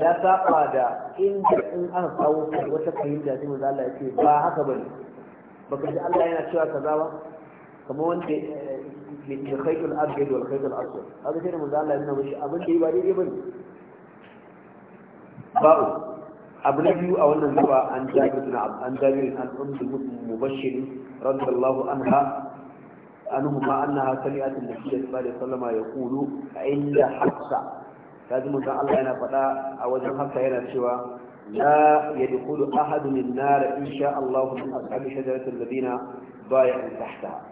ya saba da inda in aka kawo wata fahimta sai manzo Allah ya ce ba haka bane baka ji Allah yana cewa kaza ba kamar wanda min khaytul abjad wal khaytul aswad haka sai manzo Allah yana mishi abin da yi ba daidai bane ba'u abu na biyu a wannan gaba an jabir na an jabir an ummu mubashir radiyallahu anha أنهما أنها سمعت النبي صلى الله عليه وسلم يقول عند حفصة kaji mun Allah yana faɗa a wajen haka yana cewa la yadkhulu ahadun an-nar insha Allah min ashabi shajarati alladhina bay'u tahtaha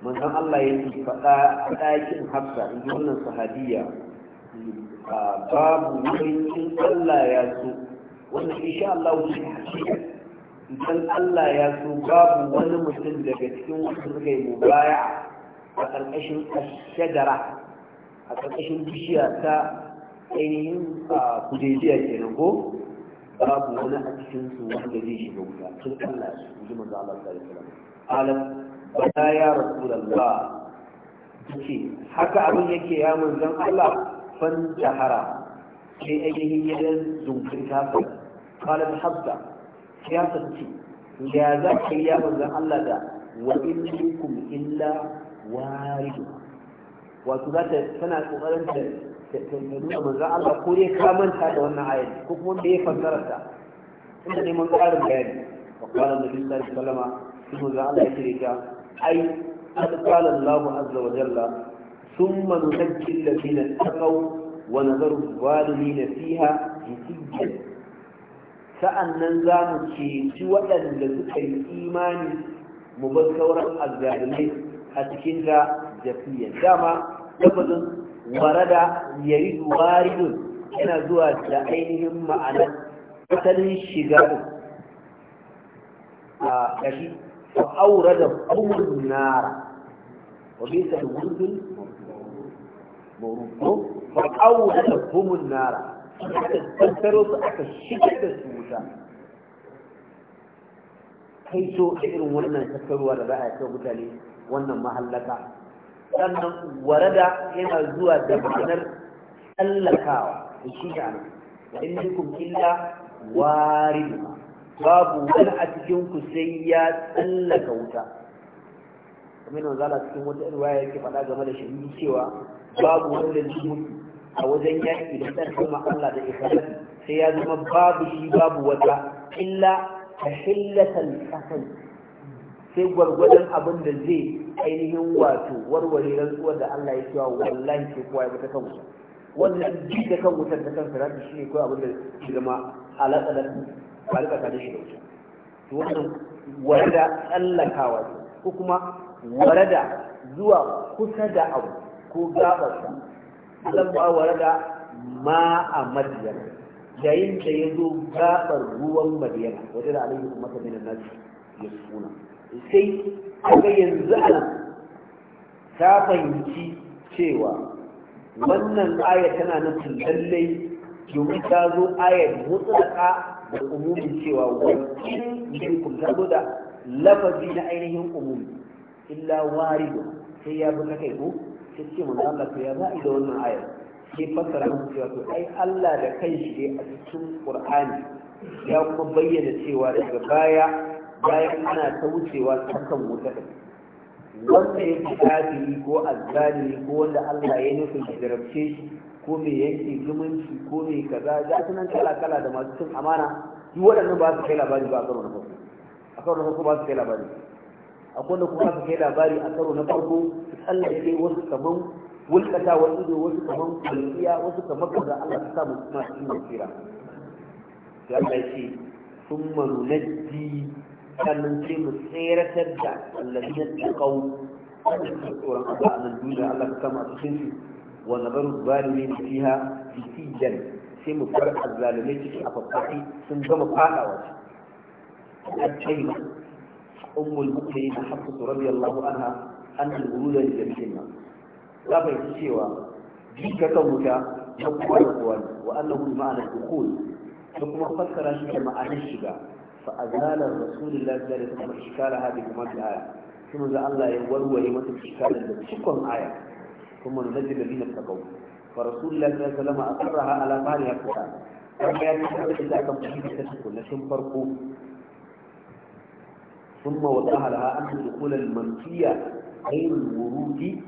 mun san Allah yake faɗa a ɗakin Hafsa in wannan sahabiya babu yankin Allah ya so wannan insha Allah shi hakika idan Allah ya so babu wani mutum daga cikin wasu suka yi mubaya a ƙarƙashin shagara a ƙarƙashin bishiya ta ainihin a kujejiya ke nan ko babu wani a cikin su wanda zai shiga wuta tun Allah su kuji manzo Allah sallallahu alaihi wasallam alam bala ya rasulullah yace haka abin yake ya manzon Allah fan jahara sai ainihin ya dan zunkirta fa qala habda ya tace ya za ka yi ya manzon Allah da wa in minkum illa waridu wato za ta tana kokarin ta ta nuna manzan Allah ko dai ka manta da wannan ayat ko kuma da ya fassara ta inda neman ƙarin bayani wa qala nabi sallallahu alaihi wasallam shi manzan Allah ya ce ta ai qad qala Allahu azza wa jalla thumma nunajji alladhina taqaw wa nadharu adh-dhalimina fiha jitiyyan sa'annan za mu ceci waɗanda suka yi imani mu bar sauran azzalimai a cikin da jafiyan dama lafazin warada yaridu waridun yana zuwa da ainihin ma'anar asalin shiga din a kashi fa aurada kumun nara wa bisa da wurdun mawrudu fa aurada kumun nara aka tattaro su aka shigar da su wuta kai so da irin wannan tattaruwa da za a yi mutane wannan mahallaka sannan warada yana zuwa da ma'anar tsallakawa da shi ne ana in hukum illa warin babu wani a cikin ku sai ya tsallaka wuta kamar yanzu ala cikin wata ya yake faɗa game da shirin cewa babu wanda zai mutu a wajen yaƙi da ɗan kuma Allah da ikhlasi sai ya zama babu shi babu wata illa ta hillatal kasal sai gwargwadon abin da zai ainihin wato warware rantsuwar da Allah ya cewa wallahi ke kowa ya fita kan wuta wannan ji da kan wutar da kan sirati shi ne kawai abin da shi zama alatsalar ba ta tsakanin shi da wuta to wannan warada tsallakawa ko kuma warada zuwa kusa da abu ko gabarsa ware warada ma a madiyar yayin da ya zo gabar ruwan madiyar wajen da alayyukun masa minan nasi ya suna sai kaga yanzu a ta fahimci cewa wannan aya tana nufin lallai domin ta zo ayar mutsaka da umumin cewa wakilin yin kuma zo da lafazi na ainihin umumi illa warido sai ya buka kai ko sai ce mun Allah ya za'i da wannan ayar sai fassara mu cewa to ai Allah da kanshi ne a cikin Qur'ani ya kuma bayyana cewa daga baya bayan ana ta wucewa ta kan wuta wanda fi kafiri ko azzalimi ko wanda Allah ya nufin da jarabce shi ko mai yanke zumunci ko mai kaza ga sunan kala kala da masu cin amana Yi waɗannan ba su kai labari ba a karo na farko a karo na farko ba su kai labari a kwanda kuma su kai labari a karo na farko su tsallake wasu kaman wasu ido wasu kaman kwalliya wasu kaman kaza Allah ta samu suna cikin nasira ya Allah ya ce sun manu sannan sai mu tseratar da allazina taqaw da tsoron Allah a nan duniya Allah ka kama su cikin wa nabaru zalimin fiha fitijan sai mu bar azzalimai ciki a fafafi sun gama fadawa الشيخ أم المؤمنين حفصة رضي الله عنها أن الولود لجميعنا لا بيت سوى جيك كونك يقوى الأقوال وأنه معنى الدخول ثم فكر شيء ma'anar shiga. فأزال رسول الله صلى الله عليه وسلم إشكال هذه ما في الآية ثم إذا الله يولوي مثل إشكال الذي شكهم آية ثم ننجي الذين اتقوا فرسول الله صلى الله عليه وسلم أقرها على فعلها القرآن فما يتحدث إلا كم تحدث تشكل لكن فرقوا ثم وضعها لها أن الدخول المنفية غير الورود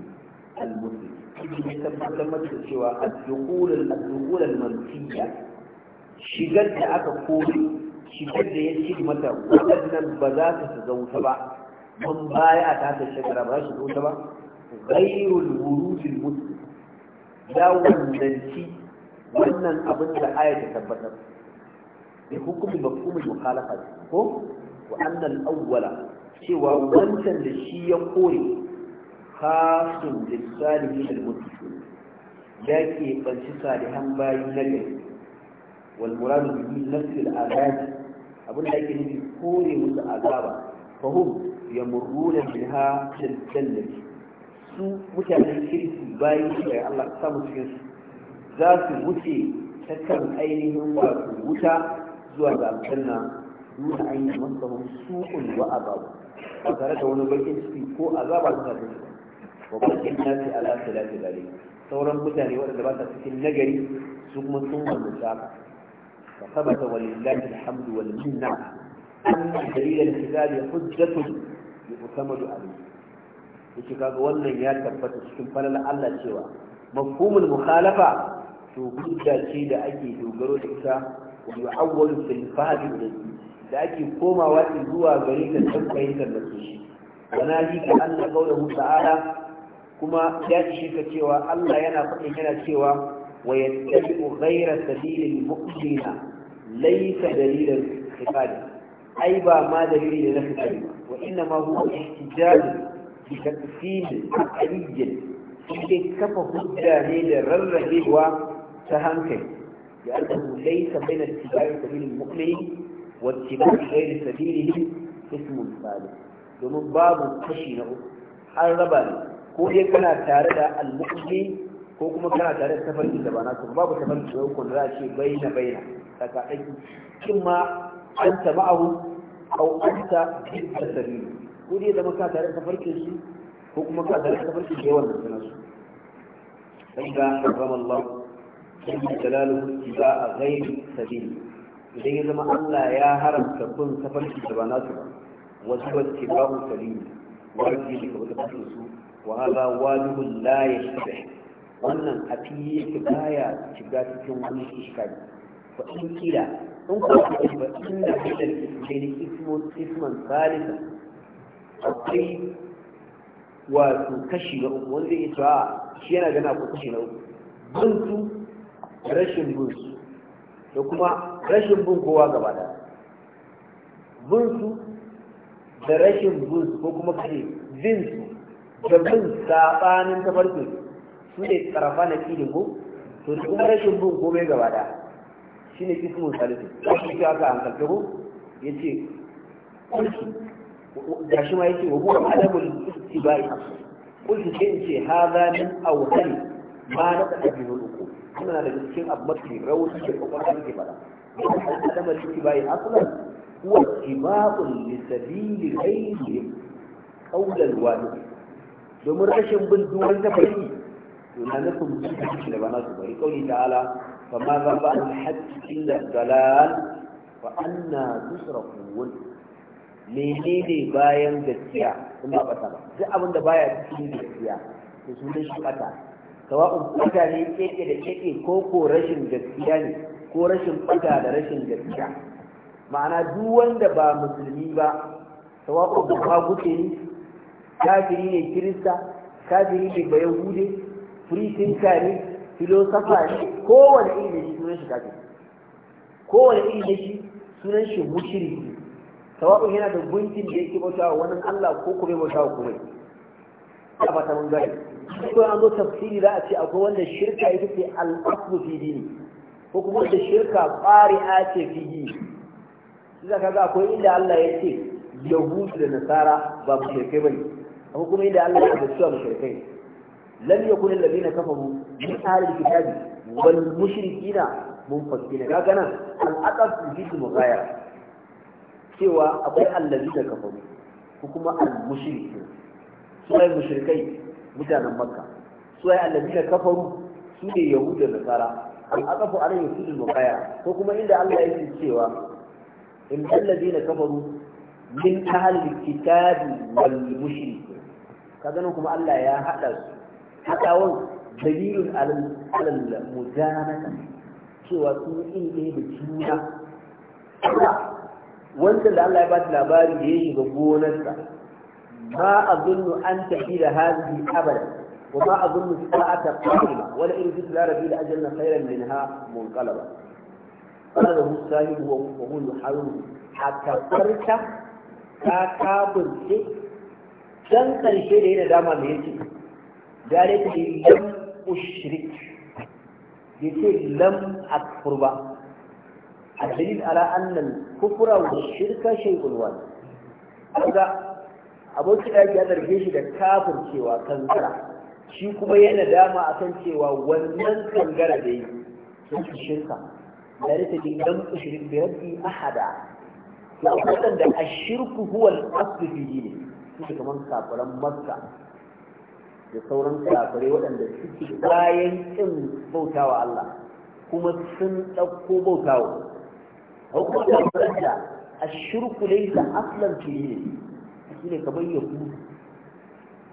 المنفي tabbatar da cewa a الدخول al'adukul al-manfiya shigar shigar da ya ce mata waɗannan ba za ta shiga wuta ba mun baya ta ta shekara ba za su wuta ba ghairul wurudil muslim ya wannan ci wannan abin da aya ta tabbatar bi hukumi mafhumul mukhalafa ko wa annal awwala cewa wancan da shi ya kore kafin da lisalihin al-muttaqin ya ke banci salihan bayi na gari wal muradu bi nafsil azab abin da ake nufi kore musu azaba fahum yamurruna minha jannati su mutanen kirki bayan shi Allah ta mu za su wuce ta kan ainihin wato wuta zuwa ga aljanna duna an yi masahun su'un wa azabu ba tare da wani bakin ciki ko azaba suna da su wa bakin nasi ala salati dalil sauran mutane waɗanda ba ta cikin nagari su kuma sun wanda فثبت ولله الحمد والمنة أن دليل الحساب حجة يعتمد عليه yake kaga wannan ya tabbata cikin falal Allah cewa mafhumul mukhalafa to hujja ce da ake dogaro da ita wa yu'awwalu fil fahmi da da ake komawa zuwa gare ta tabbayin da shi wana ji ka Allah kaulahu ta'ala kuma ya ce ka cewa Allah yana faɗin yana cewa ويتبع غير سبيل المؤمنين ليس دليلا خفادا أي با ما دليل لخفادا وإنما هو احتجاج بتقسيم عقلي في كفى هدى للرغب وتهنكي لأنه ليس بين اتباع سبيل المؤمن واتباع غير سبيله اسم ثالث domin باب kashi na uku an raba ne ko kuma kana tare da tafarki da ba na su babu tafarki da hukun za a ce baina baina daga aiki kin ma an ta ma'ahu au an ta da sabi ko dai zama ka tare da tafarkin su ko kuma ka tare da tafarkin da yawan nan su dan ga Allah sai jalalu ba a ghairi sabi idan ya zama Allah ya haramta kun tafarki da ba na su wasu wacce babu sabi wajibi ka wata su wa hada wajibun la yashtabi wannan a fiye yake baya shiga cikin wani iskari fa in kira in ko ta ba inda da ismail ismun isman salisa akwai wato kashi na uku wanda ya cewa shi yana gana ko kashi na uku buntu rashin bunsu da kuma rashin bin kowa gaba da bunsu da rashin bunsu ko kuma kare zinsu da bin saɓanin tafarkinsu su ne tsarafa na filin ko to kuma rashin bin komai gaba da shi ne kismun salisu ya shi aka hankalta ko ya ce kulki da shi ma ya ce wa huwa adabul istibai kulki sai in ce hadha min awhani ma na ta bihi ruku kuma na daga cikin abu mafi rauni da kwakwalwa take fada adabul istibai aslan huwa ittiba'un li sabili ghayrihim qawlan wahid domin rashin bin duwan tafarki na nufin musulunci da ba nasu bari kauli ta'ala fa ma za ba menene bayan gaskiya in ba bata ba duk abin da baya cikin gaskiya to sunan shi bata sawa'un bata ne keke da keke ko ko rashin gaskiya ne ko rashin bata da rashin gaskiya ma'ana duk wanda ba musulmi ba sawa'un ba gute ne kafiri ne kirista kafiri ne ba yahude free thinker ne philosopher ne kowane iri da shi sunan shi kafin kowane iri da shi sunan shi ne sawa'un yana da gunkin da yake bautawa wannan Allah ko kuma bautawa kuma ya ba ta mun ko an zo tafsiri za a ce akwai wanda shirka ya fi al fi dini ko kuma wanda shirka a ce fi dini sai kaga akwai inda Allah ya ce yahudu da nasara ba ba ne akwai kuma inda Allah ya ce su ne lam yakun alladhina kafaru min ahli alkitabi wal mushrikina munfakkina kaga nan al-aqab fi mughayara cewa akwai allazina kafaru ko kuma al-mushrikun suwaye mushrikai mutanen makka suwaye allazina kafaru su ne yahuda da nasara al-aqafu alayhi yusul mughayara ko kuma inda Allah yake cewa in allazina kafaru min ahli kuma Allah ya haɗa. haɗawan dalilin alal mujanata cewa sun yi ɗaya da juna wancan da Allah ya ba labari da ya shiga gonarsa ma azunnu an tafi da hazihi abada وما أظن الساعة قائمة ولئن جئت ربي لأجلنا خيرا yi منقلبا قال له الساهل وهو يحاول أكفرت كاكابر شيء كان كان شيء هنا ya ليتي ذلك لم أشرك يقول لم أكفر با الدليل على أن الكفر والشرك شيء واحد هذا أبو سعيد ya zarge shi da cewa kankara shi kuma yana dama a kan cewa wannan kankara da yi sun shirka da rita din dan ushrik bi rabbi ahada ya waɗanda ashirku huwa al-asli fi dini su kafiran makka da sauran kafirai waɗanda suke bayan bauta bautawa Allah kuma sun ɗauko bautawa hukumar kafirai da ashirku laisa aslan fiye shi ne kamar ku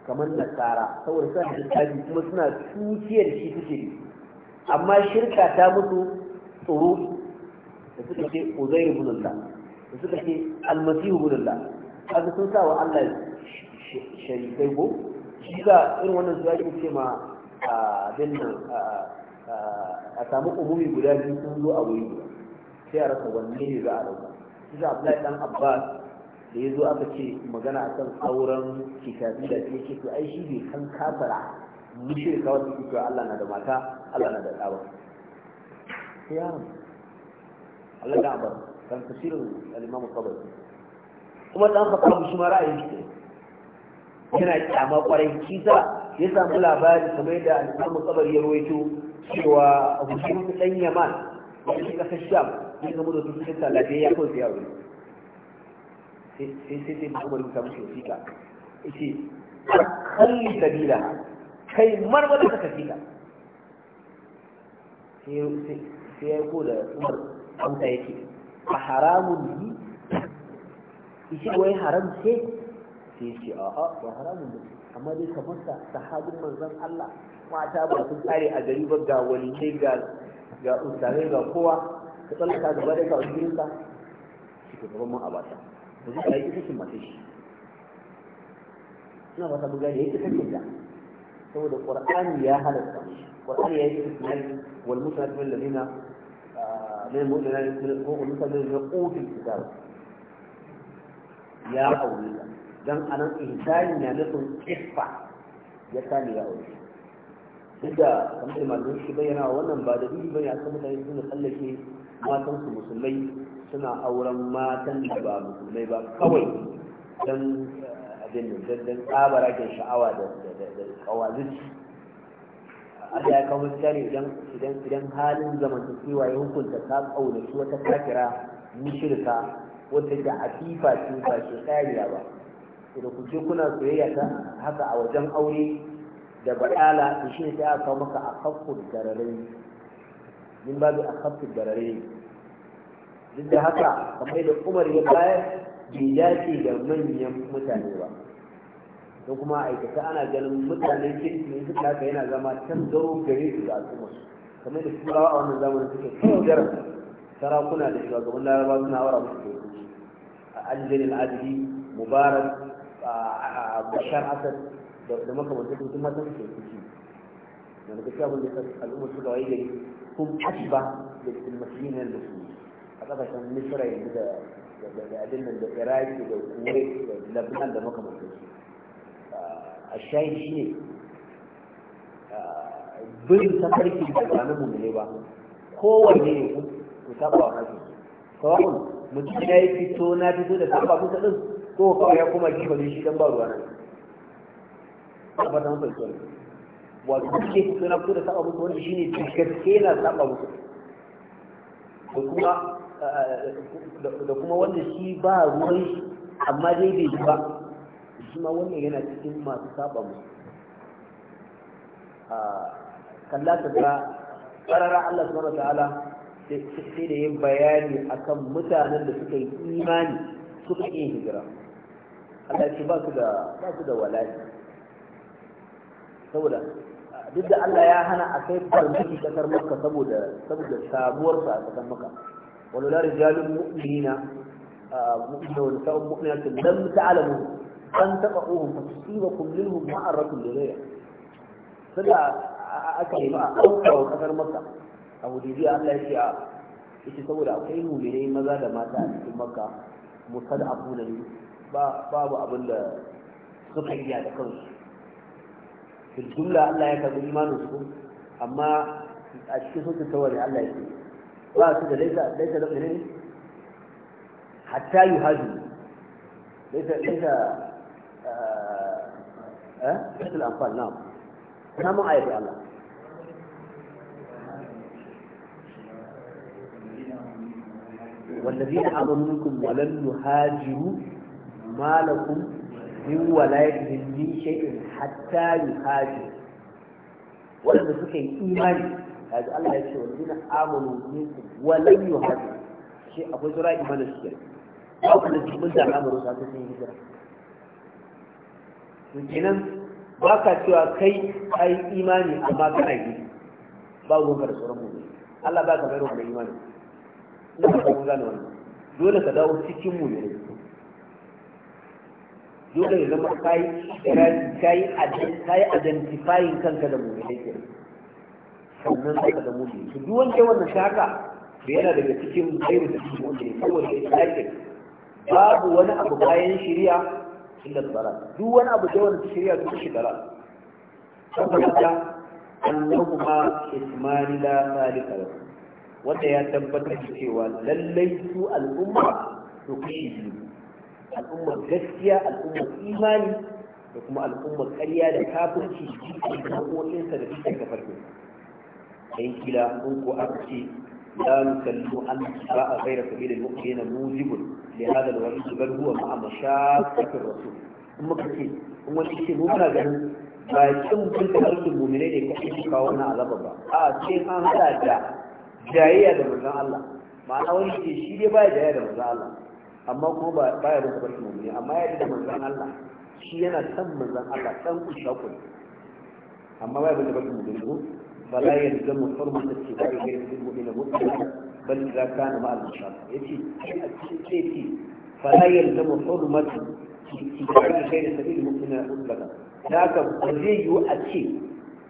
kamar tsara saboda suna da tsari kuma suna tuciyar shi suke amma shirka ta mutu tsoro da suka ce uzairu ibn Allah da suka ce almasihu ibn Allah kaga sun sa wa Allah sharikai ko shi za irin wannan su ake ce ma abin nan a samu umumi guda biyu sun zo a wuri guda sai a rasa wanne ne za a rasa shi za fi dan Abbas da ya zo aka ce magana a kan auren kitabi da ke ce to ai shi bai kan kafara mushrika wanda ke cewa Allah na da mata Allah na da ɗawa sai ya yaron Allah da Abbas kan tafsirin al-Imam Qabari kuma dan Khattab shi ma ra'ayin shi yana kyama kwarai kisa ya samu labari kamar da al'amun kabar ya rawaito cewa a hukumar ta dan yaman da shi kasar sham ya zama da sun sun talabe ya kawai ya wuri sai sai sai mutumar mutu mutu wasiƙa ce kalli sabila kai marmada ka fika sai ya ko da umar amsa yake a haramun yi ishe wai haram ce sai ce a a ba haramun ba amma dai kamar sa sahabin manzon Allah mata ba sun tsare a gari ba ga waliyai ga ga ustazai ga kowa ka tsallaka gaba da ka usulun ka shi ko gaban mun a bata ba zai kai kishin mace shi ina ba ta buga ne yake kake da saboda qur'ani ya halatta qur'ani ya yi isnad wal musnad wal ladina من المؤمنين من الحقوق المسلمين يقود الكتاب يا أولي don anan nan ihsani na nufin kiffa ya sani ya aure duk da kamar da malamin shi bayyana wannan ba da biyu bane a kan mutane suna tsallake matan su musulmai suna auren matan da ba musulmai ba kawai don eh, abin da don tsabara ke sha'awa da kawazin Allah ya kawo mutane idan idan idan halin zamantakewa ya hukunta ta kaunaci wata kafira mushirka wata da afifa ce ba tsariya ba da ku ce kuna soyayya ta haka a wajen aure da baɗala to shi ne sai aka kawo maka a kafin gararai yin babu a kafin gararai duk da haka kamar da umar ya bayar bai dace da manyan mutane ba don kuma aikata ana ganin mutane ke ne su haka yana zama can zaro gare su da al'umma kamar da su turawa a wannan zamanin suke kawo garar sarakuna da shugaban laraba suna awara musu ke a aljihar al'adili mubarak bashar asad da makamantar su kuma sun ke kuci da daga cikin abin da al'ummar su gawaye gari kun kashi ba da cikin masilinan da su a ƙasashen misira yanzu da da abin nan da iraki da kuwait da lebanon da makamantar su a shayi shi ne bin tafarki da ba na mummune ba kowanne ne ku saba wa nasu kawai mutum ya yi fito na fito da saba kusa ɗin ko kawai ya kuma kifa ne shi dan ba ruwa nan ba ta sai Wa wato ke suna fito da saba musu wanda shine gaske na saba musu da kuma eh, eh, da kuma wanda shi ba ruwan amma dai bai ji ba shi ma wannan yana cikin masu saba musu ah, kalla ta ga ƙarara Allah subhanahu wa ta'ala sai da yin bayani akan mutanen da suka yi imani suka yi hijira الله يبقى ما كده ولا سولا بدا الله يا هنا اكيد برمك كثر مكه سبود سبود سابور فاتك مكه ولو رجال مؤمنين مؤمنون لم تعلموا أن تقعوهم فتصيبكم منهم ما أردتم لغير فلا أكلم أوقع كثر مكة أو ديدي أن لا يشيع إيش سولا أكلموا لغير ماذا لما في مكة مستدعبون babu abin da suka yi da kansu fil jumla Allah ya karbi imanin su amma a cikin sunan tawari Allah ya ce ba su da laisa laisa da ne hatta yi yuhadu laisa laisa eh laisa al-anfal na'am namu ayati Allah والذين آمنوا منكم ولن يهاجروا malakum min walayatihim min shay'in hatta yuhaju wanda suka yi imani kaji Allah ya ce wa dina amanu minkum wa lam yuhaju shi akwai zura imanin su ba ku da cikin da al'amarin sa ta sun hijira kenan ba ka cewa kai yi imani amma kana yi ba ka da sauran mu. Allah ba ka bayar da imani ina ba ku gane wannan dole ka dawo cikin ne dole ya zama kai kai kai identify kanka da mu'minai ke sannan ka da mu to duk wanda wannan shaka da yana daga cikin khairu da cikin wanda ya kawo da tsake babu wani abu bayan shari'a illa tsara duk wani abu da wannan shari'a duk shi tsara saboda annahuma ismani la salika wanda ya tabbatar da cewa lallai su al'umma su kishi biyu al'ummar gaskiya al'ummar imani da kuma al'ummar karya da kafirci da hukumokinsa da cikin kafar ne ɗan kila kun ko aka ce za mu ba a gaira kabi da mutu yana mujibun da ya hada wani shigar ruwa ma'a mashakafin rasu kun muka ce kun wani ce mu ganin ba ya ce mu kun kamar su mumine ne kuma su kawo wani azaba ba a ce an hada da jayayya da manzan Allah ma'ana wani ce shi dai jayayya da manzan Allah amma kuma ba ya da shi ne amma ya da manzon Allah shi yana san manzon Allah dan kushaku amma ba ya da mu mu'mini ko fala yalzamu hurmatu tibari ghayri mu'mini mutlaqan bal idza kana ma'a al-mushaq yace a cikin da ya tsayi fala yalzamu hurmatu tibari ghayri sabil mu'mini Da haka ko zai yi a ce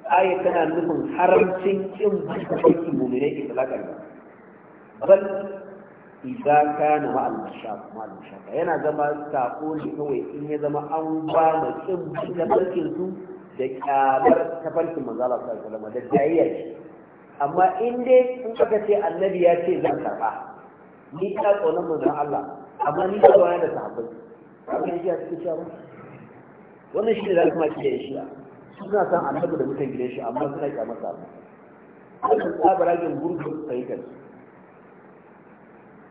aya tana nufin haramcin kin ne mu'minai itlaqan ba bal idan kana ma'al mashaka ma'al mashaka yana zama sako ne kawai in ya zama an ba mu tsin da barkin su da ƙyamar tafarkin manzo Allah sallallahu alaihi da jayayya amma in dai in ka ce annabi ya ce zan karɓa ni ka tsoron manzo Allah amma ni ba wani da sahabbai kamar shi ya cikin cewa wannan shi ne za da kuma ke shi suna san annabi da mutan gidan shi amma suna kyamar sa wannan tsabaragen gurgurun kai kansu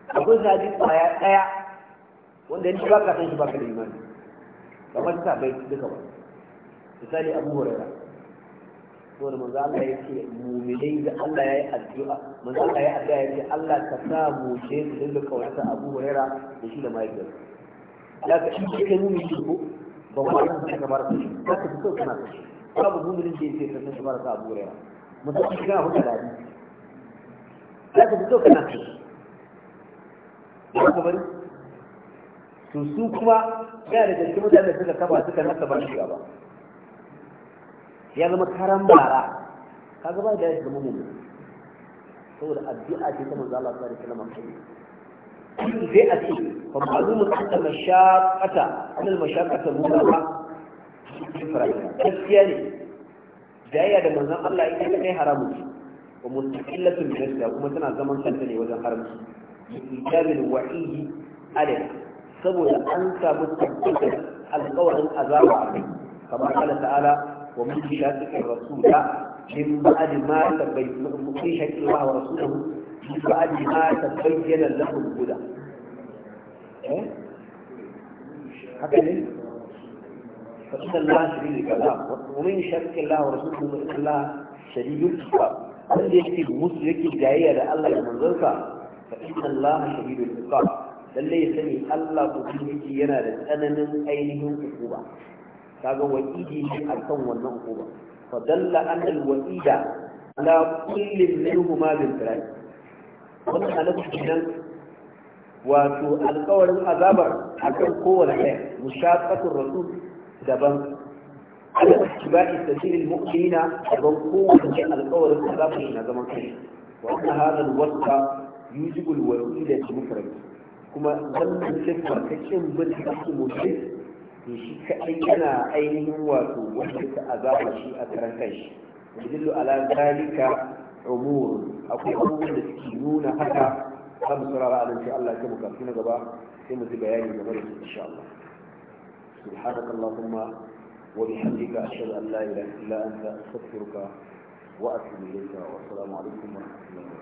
akwai sahabi kwaya ɗaya wanda yanzu ba ka shi ba ka da imani kamar sa bai duka ba misali abu hurera da manzo Allah ya ce mu'minai da Allah ya yi addu'a manzo Allah ya addu'a ya ce Allah ka sa mu ce su dinga kawarta abu hurera da shi da mahaifiyar ya ka shi ke nuni shi ko ba mu san shi kamar shi ka ka fito kana ka babu mu'minin da yake san shi kamar abu hurera mutum shi kana hukunta da ka fito kana ka ba ka bari to su kuma yana da cikin mutane suka kafa suka nasa ba shi ba. ya zama karan bara ka gaba da ya zama mummu saboda addu'a ce ta manzo Allah sallallahu alaihi wasallam kai sai a ce fa ma'lumun anna mashaqqata anna mashaqqata mutaba gaskiya ne jayya da manzon Allah ya kai haramun ce wa mustaqillatun bi nafsiha kuma tana zaman kanta ne wajen haramci bi ijabin wa'iyi alif saboda an samu tabbatar alƙawarin azaba a kai kamar Allah ta'ala wa mun shi shafi kan rasula min ba'adi ma tabbai mutsi shakil ma wa rasula min ba'adi ma tabbai yana lafin guda fa inna allaha shadidul iqab lalle ya sani Allah ubangiji yana da tsananin ainihin hukuma kaga wa'idi ne akan wannan hukuma fa dalla anna al-wa'ida ala kulli minhuma bil firaq wannan alaƙa nan wato alƙawarin azabar akan kowanne ɗaya mushaqqatur rasul daban ala ittiba'i sabilil mu'minina daban kowanne alƙawarin azabar na zaman kai wa anna hadha al-wasfa yujibul wasila da mufrad kuma wannan siffar ta kin bin hasu mushrik to shi yana ainihin wato wanda ta azaba shi a karan shi yadullu ala zalika umur akwai abubuwan da suke nuna haka za mu a nan Allah ya mu kafin na gaba sai mu ji bayani game da su insha Allah سبحانك اللهم وبحمدك أشهد أن لا إله إلا أنت أستغفرك وأتوب إليك والسلام عليكم ورحمة الله وبركاته